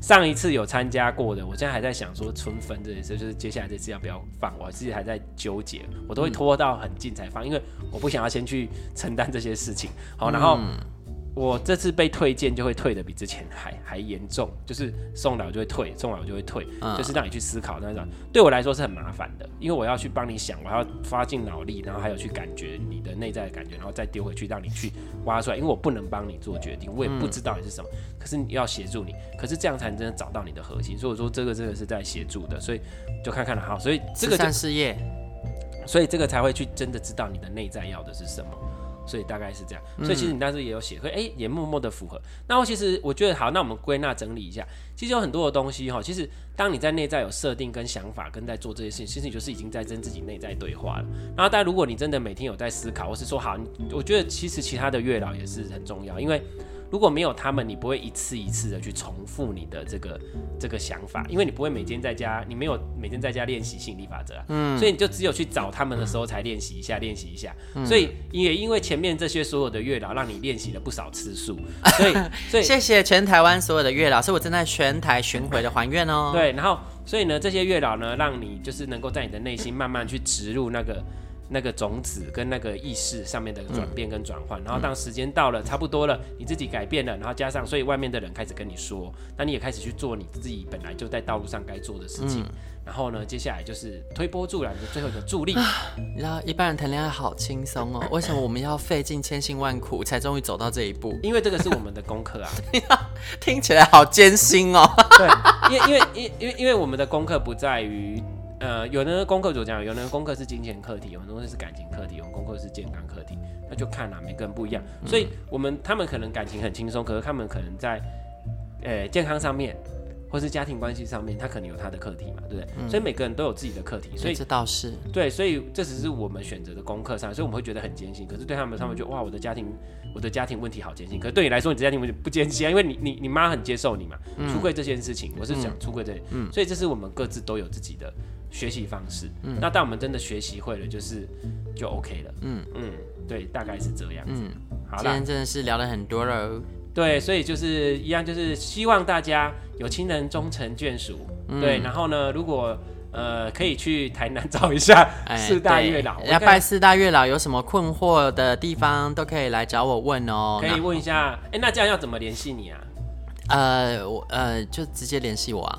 上一次有參加過的，我現在還在想說，春分這一次就是接下來這次要不要放，我自己還在糾結，我都會拖到很近才放，嗯、因為我不想要先去承擔這些事情。好，然後。嗯我這次被推薦就會退得比之前還還嚴重，就是送來我就會退，送來我就會退，嗯、就是讓你去思考那種。對我來說是很麻煩的，因為我要去幫你想，我要發盡腦力，然後還有去感覺你的內在的感覺，然後再丟回去讓你去挖出來。因為我不能幫你做決定，我也不知道你是什麼。嗯、可是你要協助你，可是這樣才能真的找到你的核心。所以我說這個真的、這個、是在協助的，所以就看看了、啊、所以這個就慈善事業，所以這個才會去真的知道你的內在要的是什麼。所以大概是這樣，所以其實你當時也有寫，會誒、欸，也默默的符合。那我其實我覺得好，那我們歸納整理一下，其實有很多的東西哈。其實當你在內在有設定跟想法，跟在做這些事情，其實你就是已經在跟自己內在對話了。然後，但如果你真的每天有在思考，或是說好，我覺得其實其他的月老也是很重要，因為。如果沒有他們，你不會一次一次的去重複你的這個、嗯、這個想法，因為你不會每天在家，你沒有每天在家練習吸引力法則，啊，嗯，所以你就只有去找他們
的時候才練習一下，練習、嗯、一下，所以也因為前面這些所有的月老讓你練習了不少次數，所以所以 謝謝全台灣所有的月老，是我正在全台巡迴的還願哦，喔，對，然後所以呢這些月老呢讓你就是能夠在你的內心慢慢去植入那個。
那個種子跟那個意識上面的轉變跟轉換，嗯、然後當時間到了差不多了，嗯、你自己改變了，然後加上，所以外面的人開始跟你說，那你也開始去做你自己本來
就在道路上該做的事情。嗯、然後呢，接下來就是推波助瀾的最後一個助力。然後、啊、你知道、一般人談戀愛好輕鬆哦，為什麼我們要費盡千辛萬苦才終於走到這一步？因為這個是我們的功課啊， 聽起來好艱辛哦、喔。 對，因為因
為因為因為我們的功課不在於。呃，有的功課就這樣，有的功課是金錢課題，有的東西是感情課題，有的功課是健康課題，那就看啦、啊，每個人不一樣。所以，我們他們可能感情很輕鬆，可是他們可能在呃、欸、健康上面，或是家庭關係上面，他可能有他的課題嘛，對不對？嗯、所以每個人都有自己的課題，所以這倒是對。所以這只是我們選擇的功課上，所以我們會覺得很艱辛，可是對他們他們就、嗯、哇，我的家庭我的家庭問題好艱辛，可是對你來說，你的家庭問題不艱辛啊，因為你你你媽很接受你嘛。嗯、出櫃這件事情，我是想出櫃這件事情，嗯、所以這是我們各自都有自己的學習方式，嗯，那但我們真的學習會了，就
是就 OK 了，
嗯嗯，對，大概是這樣子。嗯、好了啦，今天真
的是聊了很多了，
對，所以就是一樣，就是希望大家有情人終成眷屬，嗯、對，然後呢，如果呃可以去台南找一下四大月老，欸、要拜四
大月老，有什麼困惑的地方都可以來找我問哦、喔，可以問
一下，哎後、欸，那這樣要怎麼聯繫你啊？
呃，我呃就直接聯繫我啊。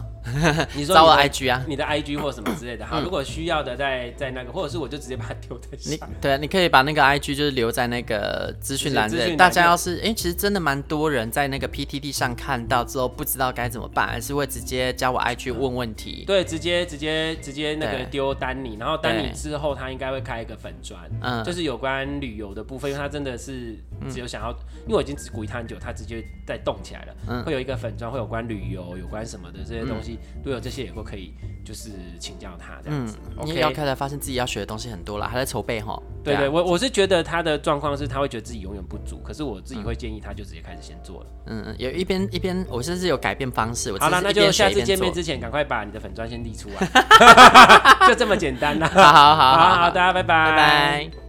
你說 找我 IG 啊？你，你的 IG 或什麼之類的哈。如果需要的在，在在那個，或者是我就直接把它丟在
下面。對，你可以把那個 IG 就是留在那個資訊欄的，是是的。大家要是，哎，其實真的蠻多人在那個 PTT 上看到之後，不知道該怎麼辦，還是會直接加我 IG 問問題。嗯、
對，直接直接直接那個丟丹尼，然後丹尼之後他應該會開一個粉專，嗯對，就是有關旅遊的部分，嗯、因為他真的是。只有想要，因為我已經只鼓勵他很久，他直接在動起來了，嗯、會有一個粉專，會有關旅遊，有關什麼的這些東西，嗯、都有這些也會可以，就是請教他這樣子。嗯、o OK , k 要開
始發現自己要學的東西很多了，還在籌備齁？對，對對，是我
我是覺得他的狀況是他會覺得自己永遠不足，可是我自己會建議他就直接開始先做了。嗯
嗯，有一邊一邊，我甚至有改變方式。我做好了，那就下次見面之
前趕快把你的粉專先立出來， 就這麼簡單了 好好好，好，好，好，好的，大家拜拜拜。Bye bye